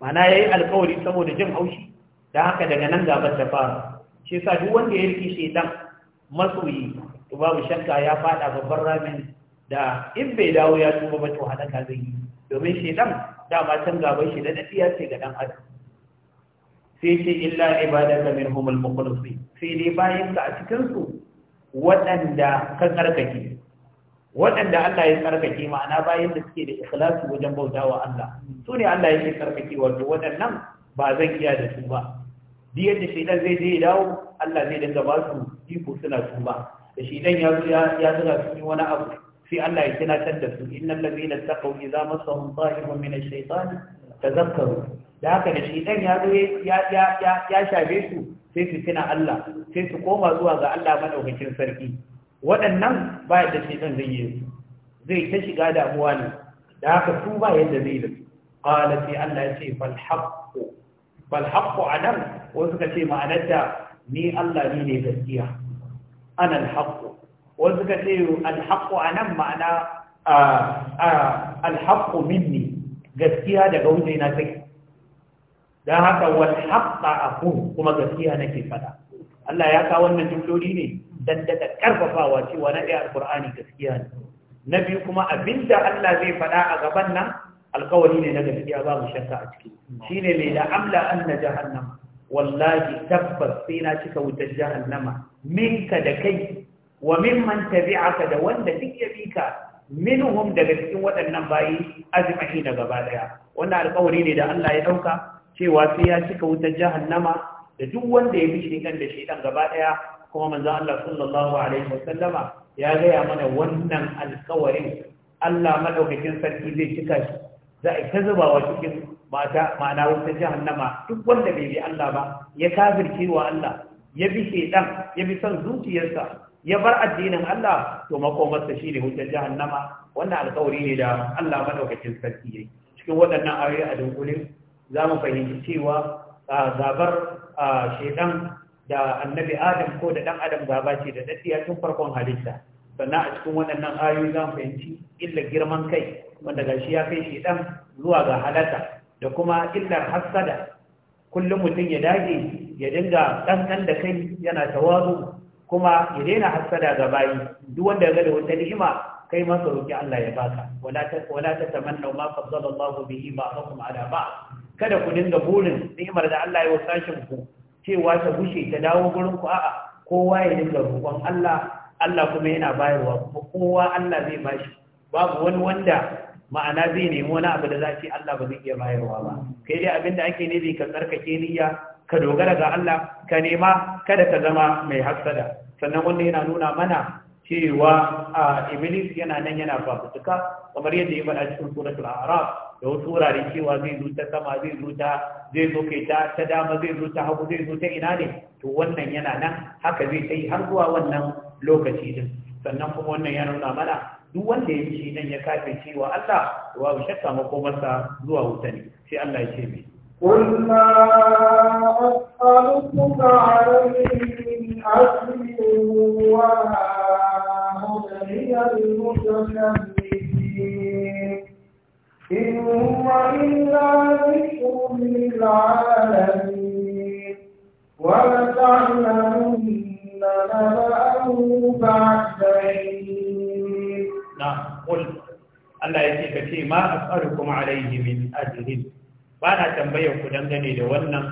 mana yayi alƙawari saboda jin haushi da haka daga nan gaba ta fara shi sa duk wanda ya riki dan masoyi to babu shakka ya fada babban ramin da in bai dawo ya tuba ba to halaka zai yi domin da dama can gaba shi da nadiya ce ga dan adam sai ce illa ibadaka minhum al-mukhlasin sai dai bayan ka a cikin su wadanda ka tsarkake wadanda Allah ya tsarkake ma'ana bayan da suke da ikhlasu wajen bautawa Allah su ne Allah ya tsarkake wato wadannan ba zan iya da su ba diyar da dan zai je dawo Allah zai dinga ba su iko suna tuba da shi dan ya zo ya zura cikin wani abu sai Allah ya tunatar da su innal ladina taqaw idza massahum ta'ifun min ash-shaytan tazakkaru da haka da shi dan ya zo ya ya ya shafe su sai su tuna Allah sai su koma zuwa ga Allah madaukakin sarki waɗannan ba yadda shi dan zai yi zai ta shiga damuwa ne da haka su ba yadda zai yi qala sai Allah ya ce fal haqqu fal haqqu anan wasu suka ce ma'anar da ni Allah ni ne gaskiya ana alhaqqu wasu ka ce alhaqqu anan ma'ana alhaqqu minni gaskiya daga wuri na take don haka wal haqqa kuma gaskiya nake fada Allah ya kawo wannan jumloli ne dan daga karfafawa cewa na ɗaya alqur'ani gaskiya ne na biyu kuma abinda Allah zai faɗa a gaban nan alkawari ne na gaskiya babu shakka a ciki shine mai amla, an na jahannama wallahi tabbas sai na cika wutar jahannama minka da kai wa mimman tabi'aka da wanda duk ya bi ka minhum daga cikin waɗannan bayi azmahi na gaba daya wannan alƙawari ne da Allah ya dauka cewa sai ya cika wutar jahannama da duk wanda ya bi shi kan da shi gaba daya kuma manzo Allah sallallahu alaihi wasallama ya gaya mana wannan alƙawarin Allah madaukakin sarki zai cika shi za a ta zubawa cikin mata ma'ana wata jahannama duk wanda bai bi Allah ba ya kafirce wa Allah ya bi shedan ya bi son zuciyarsa ya bar addinin Allah to makomarsa ne wutar jahannama wannan alƙawari ne da Allah madaukakin sarki yayi cikin waɗannan ayoyi a dunkule za mu fahimci cewa gabar shedan da annabi Adam ko da dan Adam gaba ce da daddiya tun farkon halitta sannan a cikin waɗannan ayoyi za mu fahimci illa girman kai wanda gashi ya kai shedan zuwa ga halarta. da kuma illar hassada kullum mutum ya dage ya dinga ɗanɗan da kai yana tawazu kuma ya daina hassada ga bayi duk wanda ga da wata ni'ima kai masa roki Allah ya baka wala ta wala ta tamanna ma faddala Allahu bihi ba'dakum ala ba'd kada ku dinga burin ni'imar da Allah ya wasa shi ku cewa ta bushe ta dawo gurin ku a'a kowa ya dinga roƙon Allah Allah kuma yana bayarwa kuma kowa Allah zai bashi babu wani wanda ma'ana zai nemi wani abu da zafi Allah ba zai iya bayarwa ba kai dai abinda ake nufi ka tsarkake niyya ka dogara ga Allah ka nema kada ka zama mai hasada sannan wanda yana nuna mana cewa a iblis yana nan yana fafutuka kamar yadda ya faɗa cikin suratul a'raf da wasu wurare cewa zai zo ta sama zai zo ta zai zo kai ta ta dama zai zo ta hagu zai zo ta ina ne to wannan yana nan haka zai ta yi har zuwa wannan lokaci din sannan kuma wannan ya nuna mana duk wanda ya yi nan ya kafe cewa wa Allah wa shakka makomarsa zuwa wuta ne sai Allah ya ce mai قل ما أسألكم عليه من ولتعلمن نبأه بعد kul Allah ya ce ka ce ma kuma alayhi min ajrin ba na tambayar ku dangane da wannan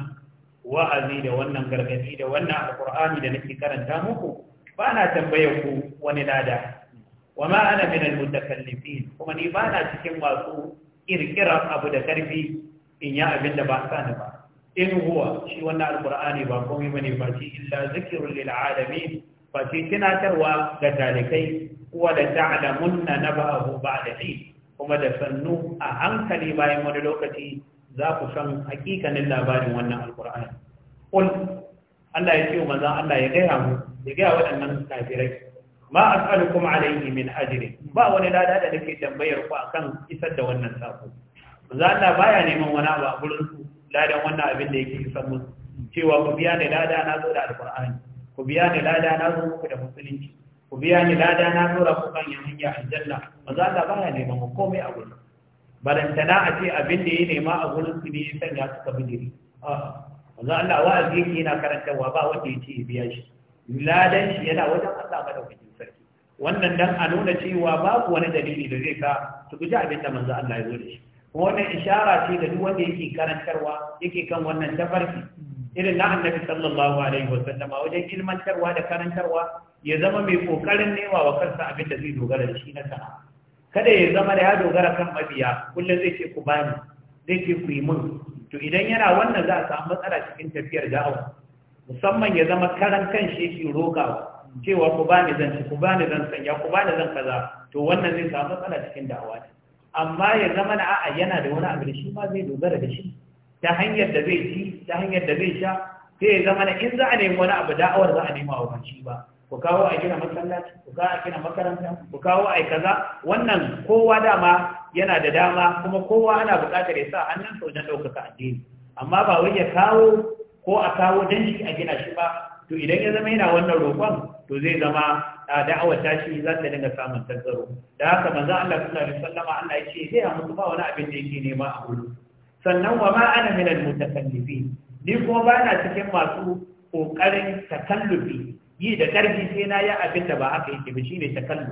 wa'azi da wannan gargadi da wannan alqur'ani da nake karanta muku ba na tambayar ku wani lada wa ma ana min almutakallifin kuma ni ba na cikin masu kirkirar abu da karfi in ya abin da ba sa ni ba in huwa shi wannan alkur'ani ba komai bane ba shi illa zikrul lil alamin ba shi tunatarwa ga talikai wadda abu ba ba'da hin kuma da sannu a hankali bayan wani lokaci za ku san hakikanin labarin wannan alkur'ani qul Allah ya ce wa manzon Allah ya gaya mu ya gaya waɗannan kafirai ma as'alukum alayhi min ajri ba wani lada da nake tambayar ku akan isar da wannan sako manzon Allah baya neman wani abu a gurin su ladan wannan abin da yake isar musu cewa ku biya ni lada na zo da alkur'ani ku biya ni lada na zo muku da musulunci ku biya ni lada na nura ku kan yin hanya aljanna maza ta baya neman mu komai a gurin barantana a ce abin da ya nema a gurin su ne ya sanya suka bijiri a'a manzo Allah wa'azi yake yana karantarwa ba wanda ya ce ya biya shi ladan shi yana wajen Allah madaukakin sarki wannan dan a nuna cewa babu wani dalili da zai ka su guji abin da manzo Allah ya zo da shi kuma wannan ishara ce da duk wanda yake karantarwa yake kan wannan tafarki irin na annabi sallallahu alaihi wasallam wajen ilmantarwa da karantarwa ya zama mai kokarin nema wa kansa abin da zai dogara da shi na sana'a kada ya zama da ya dogara kan mabiya kullum zai ce ku bani zai ce ku yi mun to idan yana wannan za a samu matsala cikin tafiyar da'awa musamman ya zama karan kan shi yake roka, cewa ku bani zan ci ku bani zan sanya ku bani zan kaza to wannan zai samu matsala cikin da'awa amma ya zama na a'a yana da wani abu da shi ma zai dogara da shi ta hanyar da zai ci ta hanyar da zai sha sai ya zama na in za a nemi wani abu da'awar za a nema wa ba ku kawo a gina masallaci ku kawo a gina makaranta ku kawo a kaza wannan kowa dama yana da dama kuma kowa ana buƙatar ya sa hannun sau don ɗaukaka addini amma ba wai ya kawo ko a kawo don shi a gina shi ba to idan ya zama yana wannan roƙon to zai zama a da'awar tashi za ta dinga samun tazzaro da haka manzo Allah sallallahu alaihi Sallama Allah ya ce zai ya mutu wani abin da yake nema a gudu sannan wa ma ana min mutakallifi. ni kuma ba na cikin masu ƙoƙarin takallufi yi da ƙarfi sai na yi abin da ba aka yi ba shi ne ta kallo.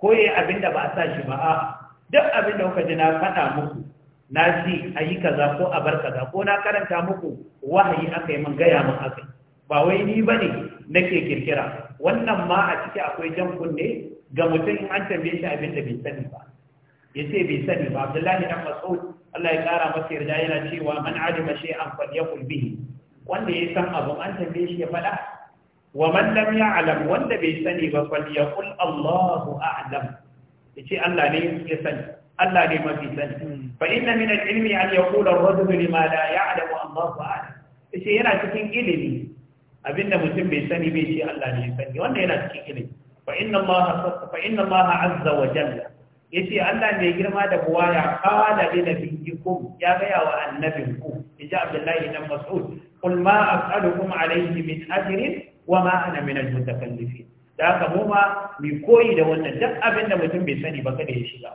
ko yi abin da ba a sa shi ba a duk abin da kuka ji na faɗa muku na ji a yi kaza ko a bar kaza ko na karanta muku wahayi aka yi min gaya min aka yi ba wai ni ba ne nake kirkira wannan ma a ciki akwai jan kunne ga mutum in an tambaye shi abin da bai sani ba ya ce bai sani ba abdullahi dan mas'ud Allah ya kara masa yarda yana cewa man alima shay'an falyakul bihi wanda ya san abu an tambaye shi ya faɗa wa man lam ya'lam wanda bai sani ba fal yaqul Allahu a'lam yace Allah ne ya sani Allah ne mafi sani fa inna min al-ilmi an yaqula ar-rajulu lima la ya'lamu Allahu a'lam yace yana cikin ilimi abinda mutum bai sani bai ce Allah ne ya sani wanda yana cikin ilimi fa inna Allah fa inna Allah azza wa jalla yace Allah mai girma da buwaya qala li nabiyyikum ya gaya wa annabinku inji Abdullahi dan Mas'ud qul ma as'alukum alayhi min ajrin wa ma ana min al-mutakallifin da haka mu ma mu koyi da wannan duk abin da mutum bai sani ba kada ya shiga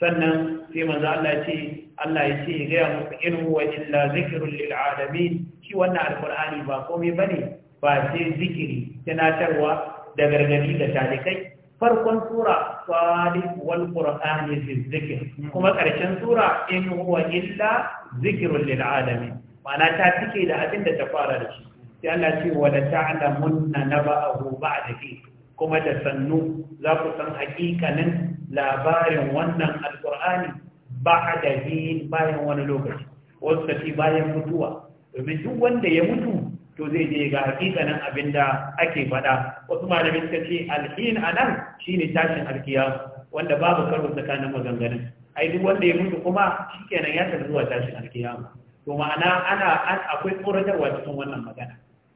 sannan sai manzo Allah ya ce Allah ya ce ga musu in huwa illa zikrun lil alamin shi wannan alqur'ani ba komai bane ba sai zikiri tunatarwa da gargadi da talikai farkon sura salih wal qur'ani fi zikr kuma karshen sura in huwa illa zikrun lil alamin ma'ana ta tike da abin da ta fara da shi sai Allah ce wa da a gobe a dake kuma da sannu za ku san hakikanin labarin wannan ba a hin bayan wani lokaci wasu ce bayan mutuwa domin duk wanda ya mutu to zai je ga hakikanin abin da ake faɗa wasu malamin suka ce alhin anan shine tashin alkiya wanda babu karo tsakanin maganganun ai duk wanda ya mutu kuma shikenan ya tafi zuwa tashin alkiyama to ma'ana ana an akwai tsoratarwa cikin wannan magana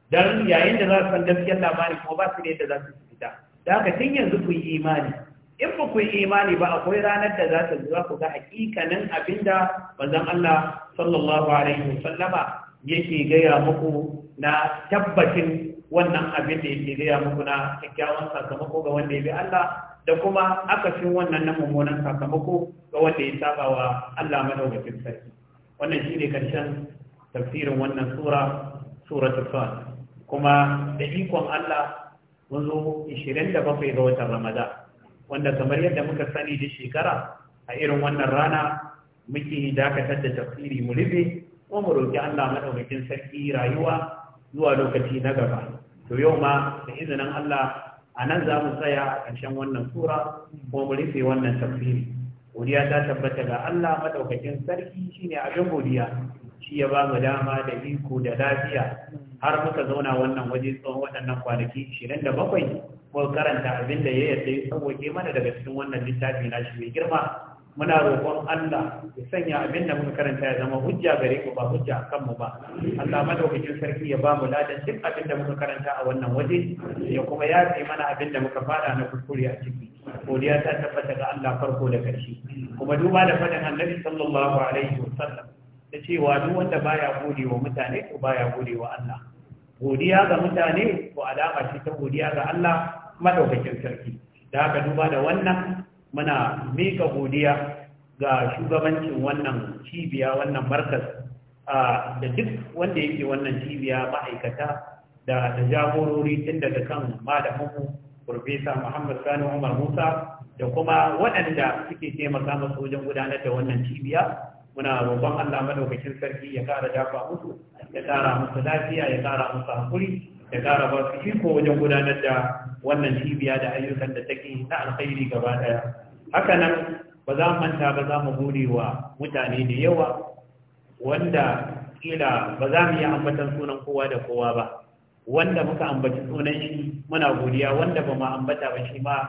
dan yayin da za su san gaskiyar labari kuma ba su da yadda za su fita da haka tun yanzu ku yi imani in ba ku yi imani ba akwai ranar da za ta zuwa ku ga hakikanin abinda manzon Allah sallallahu alaihi wasallama yake gaya muku na tabbacin wannan abin da yake gaya muku na kyakkyawan sakamako ga wanda ya bi Allah da kuma akasin wannan na mummunan sakamako ga wanda ya saba wa Allah madaukakin sarki wannan shine karshen tafsirin wannan sura suratul fatiha kuma da ikon Allah mun zo 27 ga watan Ramadan wanda kamar yadda muka sani da shekara a irin wannan rana muke dakatar da tafsiri mu rufe kuma mu roki Allah madaukakin sarki rayuwa zuwa lokaci na gaba to yau ma da izinin Allah a nan za mu tsaya a ƙarshen wannan sura kuma mu rufe wannan tafsiri godiya ta tabbata ga Allah madaukakin sarki shine abin godiya shi ya ba mu dama da iko da lafiya har muka zauna wannan waje tsawon waɗannan kwanaki 27 ko karanta abin da ya yadda ya sauwake mana daga cikin wannan littafi na shi mai girma muna roƙon Allah ya sanya abin da muka karanta ya zama hujja gare ku ba hujja kan mu ba Allah madaukakin sarki ya ba mu ladan duk abin da muka karanta a wannan waje ya kuma yafe mana abin da muka fada na kuskure a ciki godiya ta tabbata ga Allah farko da ƙarshe kuma duba da faɗin Annabi sallallahu alaihi wasallam da cewa duk wanda baya gode wa mutane to baya gode wa Allah godiya ga mutane ko alama ce ta godiya ga Allah madaukakin sarki da haka duba da wannan muna mika godiya ga shugabancin wannan cibiya wannan markas da duk wanda yake wannan cibiya ma'aikata da da jagorori tun daga kan malaminmu Profesa Muhammad Sani Umar Musa da kuma waɗanda suke taimaka masu wajen gudanar da wannan cibiya muna roƙon Allah madaukakin sarki ya ƙara dafa musu ya ƙara musu lafiya ya ƙara musu hankuri ya ƙara ba su iko wajen gudanar da wannan cibiya da ayyukan da take na alkhairi gaba ɗaya haka nan ba za mu manta ba za mu gode wa mutane da yawa wanda kila ba za mu yi ambatan sunan kowa da kowa ba wanda muka ambaci sunan shi muna godiya wanda ba mu ambata ba shi ma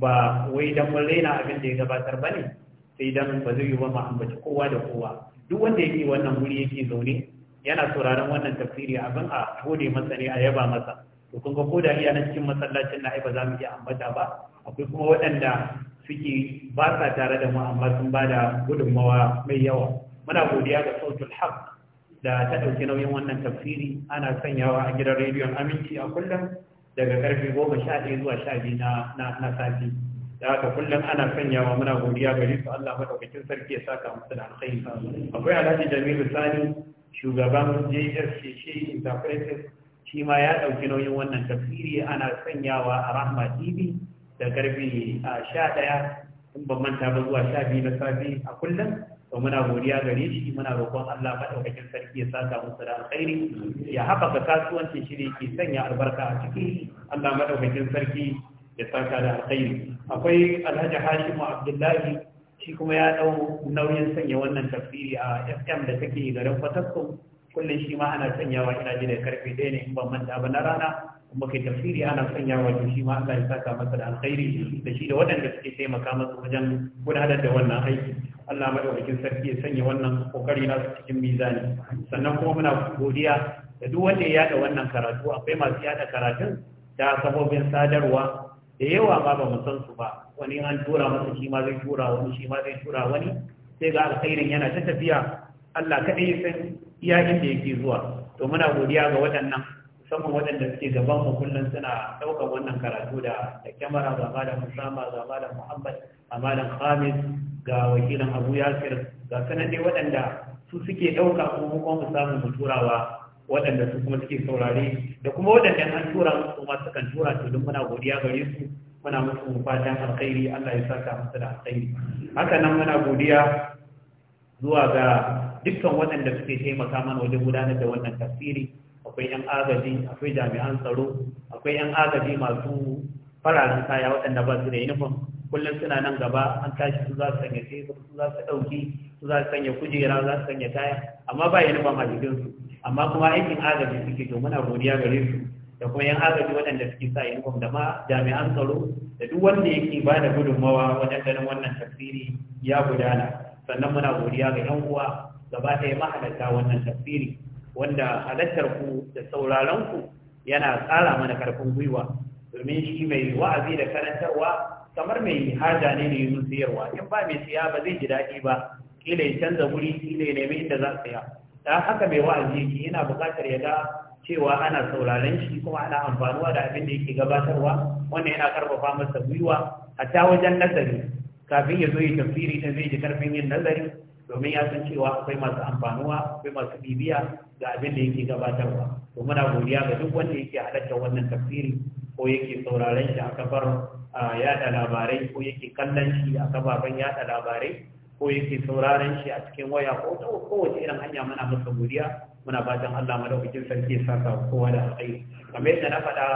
ba wai dan mun raina abin da ya gabatar ba ne sai dan ba zai yi ba ma ambaci kowa da kowa duk wanda yake wannan wuri yake zaune yana sauraron wannan tafsiri abin a gode masa ne a yaba masa to kun ga ko da iya na cikin masallacin na ai ba za mu iya ambata ba akwai kuma waɗanda suke ba sa tare da mu amma sun ba da gudunmawa mai yawa muna godiya ga sautul haq da ta ɗauki nauyin wannan tafsiri ana sanyawa a gidan rediyon aminci a kullum daga karfe goma sha ɗaya zuwa sha biyu na sati da haka kullum ana sanyawa muna godiya gare su Allah madaukakin sarki ya saka musu da alkhairi akwai Alhaji Jamilu Sani shugaban JSC shi interpretive shi ma ya dauki nauyin wannan tafsiri ana sanyawa a Rahma TV da karfi a daya. in ban manta ba zuwa 12 na safe a kullum to muna godiya gare shi muna roƙon Allah madaukakin sarki ya saka musu da alkhairi ya haɓaka kasuwancin shi da sanya albarka a ciki Allah madaukakin sarki ya saka da alkhairi akwai alhaji hashimu abdullahi shi kuma ya dau nauyin sanya wannan tafsiri a fm da take garin fatakku kullum shi ma ana sanyawa ina ji da karfe ɗaya ne in ban manta ba na rana kuma kai tafsiri ana sanyawa to shi ma Allah ya saka masa da alkhairi da shi da waɗanda suke taimaka masa wajen gudanar da wannan aiki Allah madaukakin sarki ya sanya wannan kokari na su cikin mizani sannan kuma muna godiya da duk wanda ya yada wannan karatu akwai masu yada karatun da sabobin sadarwa da yawa ma ba mu san su ba wani an tura masa shi ma zai tura wani shi ma zai tura wani sai ga alkhairin yana ta tafiya Allah kaɗai san iya inda yake zuwa to muna godiya ga waɗannan musamman waɗanda suke gaban mu kullum suna ɗaukar wannan karatu da da kyamara ga malam Musama ga malam Muhammad ga malam hamis ga wakilin Abu Yasir ga sanan waɗanda su suke ɗauka kuma mu samu mu turawa waɗanda su kuma suke saurare da kuma waɗanda an tura musu ma sukan tura su don muna godiya gare su muna musu fatan alkhairi Allah ya saka musu da alkhairi haka nan muna godiya zuwa ga dukkan waɗanda suke taimaka mana wajen gudanar da wannan tafsiri akwai yan agaji akwai jami'an tsaro akwai yan agaji masu fararen kaya waɗanda ba su da uniform kullum suna nan gaba an tashi su za su sanya tebur su za su ɗauki su za su sanya kujera za su sanya taya amma ba uniform a jikinsu amma kuma aikin agaji suke to muna godiya gare su da kuma yan agaji waɗanda suke sa uniform da ma jami'an tsaro da duk wanda yake ba da gudunmawa wajen ganin wannan tafsiri ya gudana sannan muna godiya ga yan uwa gaba ɗaya mahalarta wannan tafsiri wanda halartar ku da sauraron ku yana tsara mana karfin gwiwa domin shi mai wa'azi da karantarwa kamar mai haja ne da yin in ba mai siya ba zai ji daɗi ba kila ya canza wuri kila ya nemi inda za siya da haka mai wa'azi yake yana buƙatar ya ga cewa ana sauraron shi kuma ana amfanuwa da abin da yake gabatarwa wannan yana karfafa masa gwiwa a ta wajen nazari kafin ya zo yi tafsiri ta zai ji karfin yin nazari domin ya san cewa akwai masu amfanuwa akwai masu bibiya ga abin da yake gabatarwa to muna godiya ga duk wanda yake halarta wannan tafsiri ko yake sauraron shi a kafar yada labarai ko yake kallon shi a kafafen yada labarai ko yake sauraron shi a cikin waya ko ta kowace irin hanya muna masa godiya muna fatan Allah madaukakin sarki ya saka kowa da alƙai kamar yadda na faɗa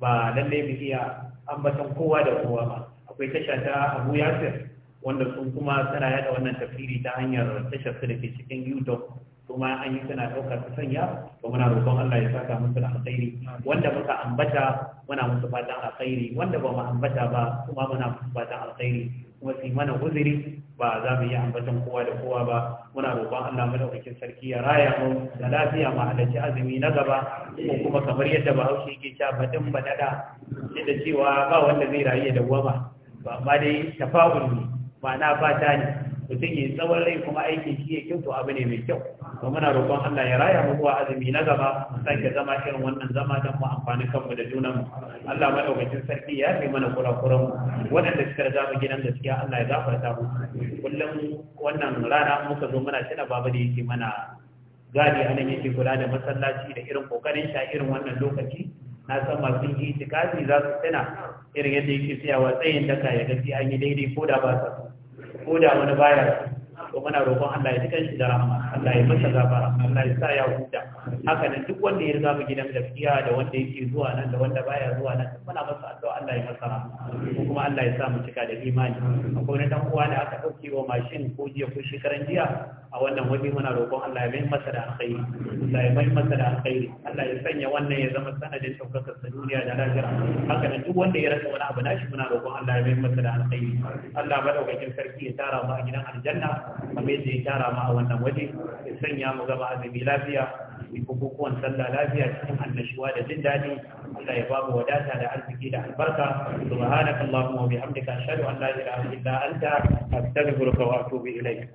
ba lalle mu iya ambaton kowa da kowa ba akwai tasha ta Abu Yasir wanda sun kuma tana yada wannan tafsiri ta hanyar tashar su da ke cikin YouTube kuma an yi suna ɗaukar su sanya to muna roƙon Allah ya saka musu da alkhairi wanda muka ambata muna musu fatan alkhairi wanda ba mu ambata ba kuma muna musu fatan alkhairi kuma su mana uzuri ba za mu yi ambatan kowa da kowa ba muna roƙon Allah madaukakin sarki ya raya mu da lafiya mu halarci azumi na gaba ko kuma kamar yadda Bahaushe yake cewa badin badada shi da cewa ba wanda zai rayu da wama ba amma dai tafa'ul ne ma'ana fata ne mutum ya tsawon rai kuma aiki shi ya kinto abu ne mai kyau to muna roƙon Allah ya raya mu azumi na gaba mu sake zama irin wannan zama don mu amfani kanmu da junanmu. mu Allah madaukakin sarki ya fi mana kurakuran mu waɗanda suka riga mu gidan gaskiya Allah ya gafarta mu kullum wannan rana muka zo muna tuna babu da yake mana gadi a nan yake kula da masallaci da irin kokarin sha irin wannan lokaci na san masu yi itikafi za su tuna irin yadda yake tsayawa tsayin daka ya gaji an yi daidai ko da ba sa ko da wani baya to muna roƙon Allah ya tukan shi da rahama Allah ya masa gafara Allah ya sa ya huta haka nan duk wanda ya riga mu gidan gaskiya da wanda yake zuwa nan da wanda baya zuwa nan muna masa addu'a Allah ya masa rahama kuma Allah ya sa mu cika da imani akwai wani dan uwa da aka dauke wa mashin ko jiya ko shekaran jiya a wannan wani muna roƙon Allah ya mai masa da alkhairi Allah ya mai masa da alkhairi Allah ya sanya wannan ya zama sanadin shaukakar sa duniya da lafiya haka nan duk wanda ya rasa wani abu nashi muna roƙon Allah ya mai masa da alkhairi Allah madaukakin sarki ya tara mu a gidan aljanna kamar yadda ya tara ma a wannan waje ya sanya mu gaba azumi lafiya mai bukukuwan sallah lafiya cikin annashuwa da jin daɗi Allah ya babu wadata da arziki da albarka subhanaka allahumma wa bihamdika ashhadu an la ilaha illa anta astaghfiruka wa atubu ilayk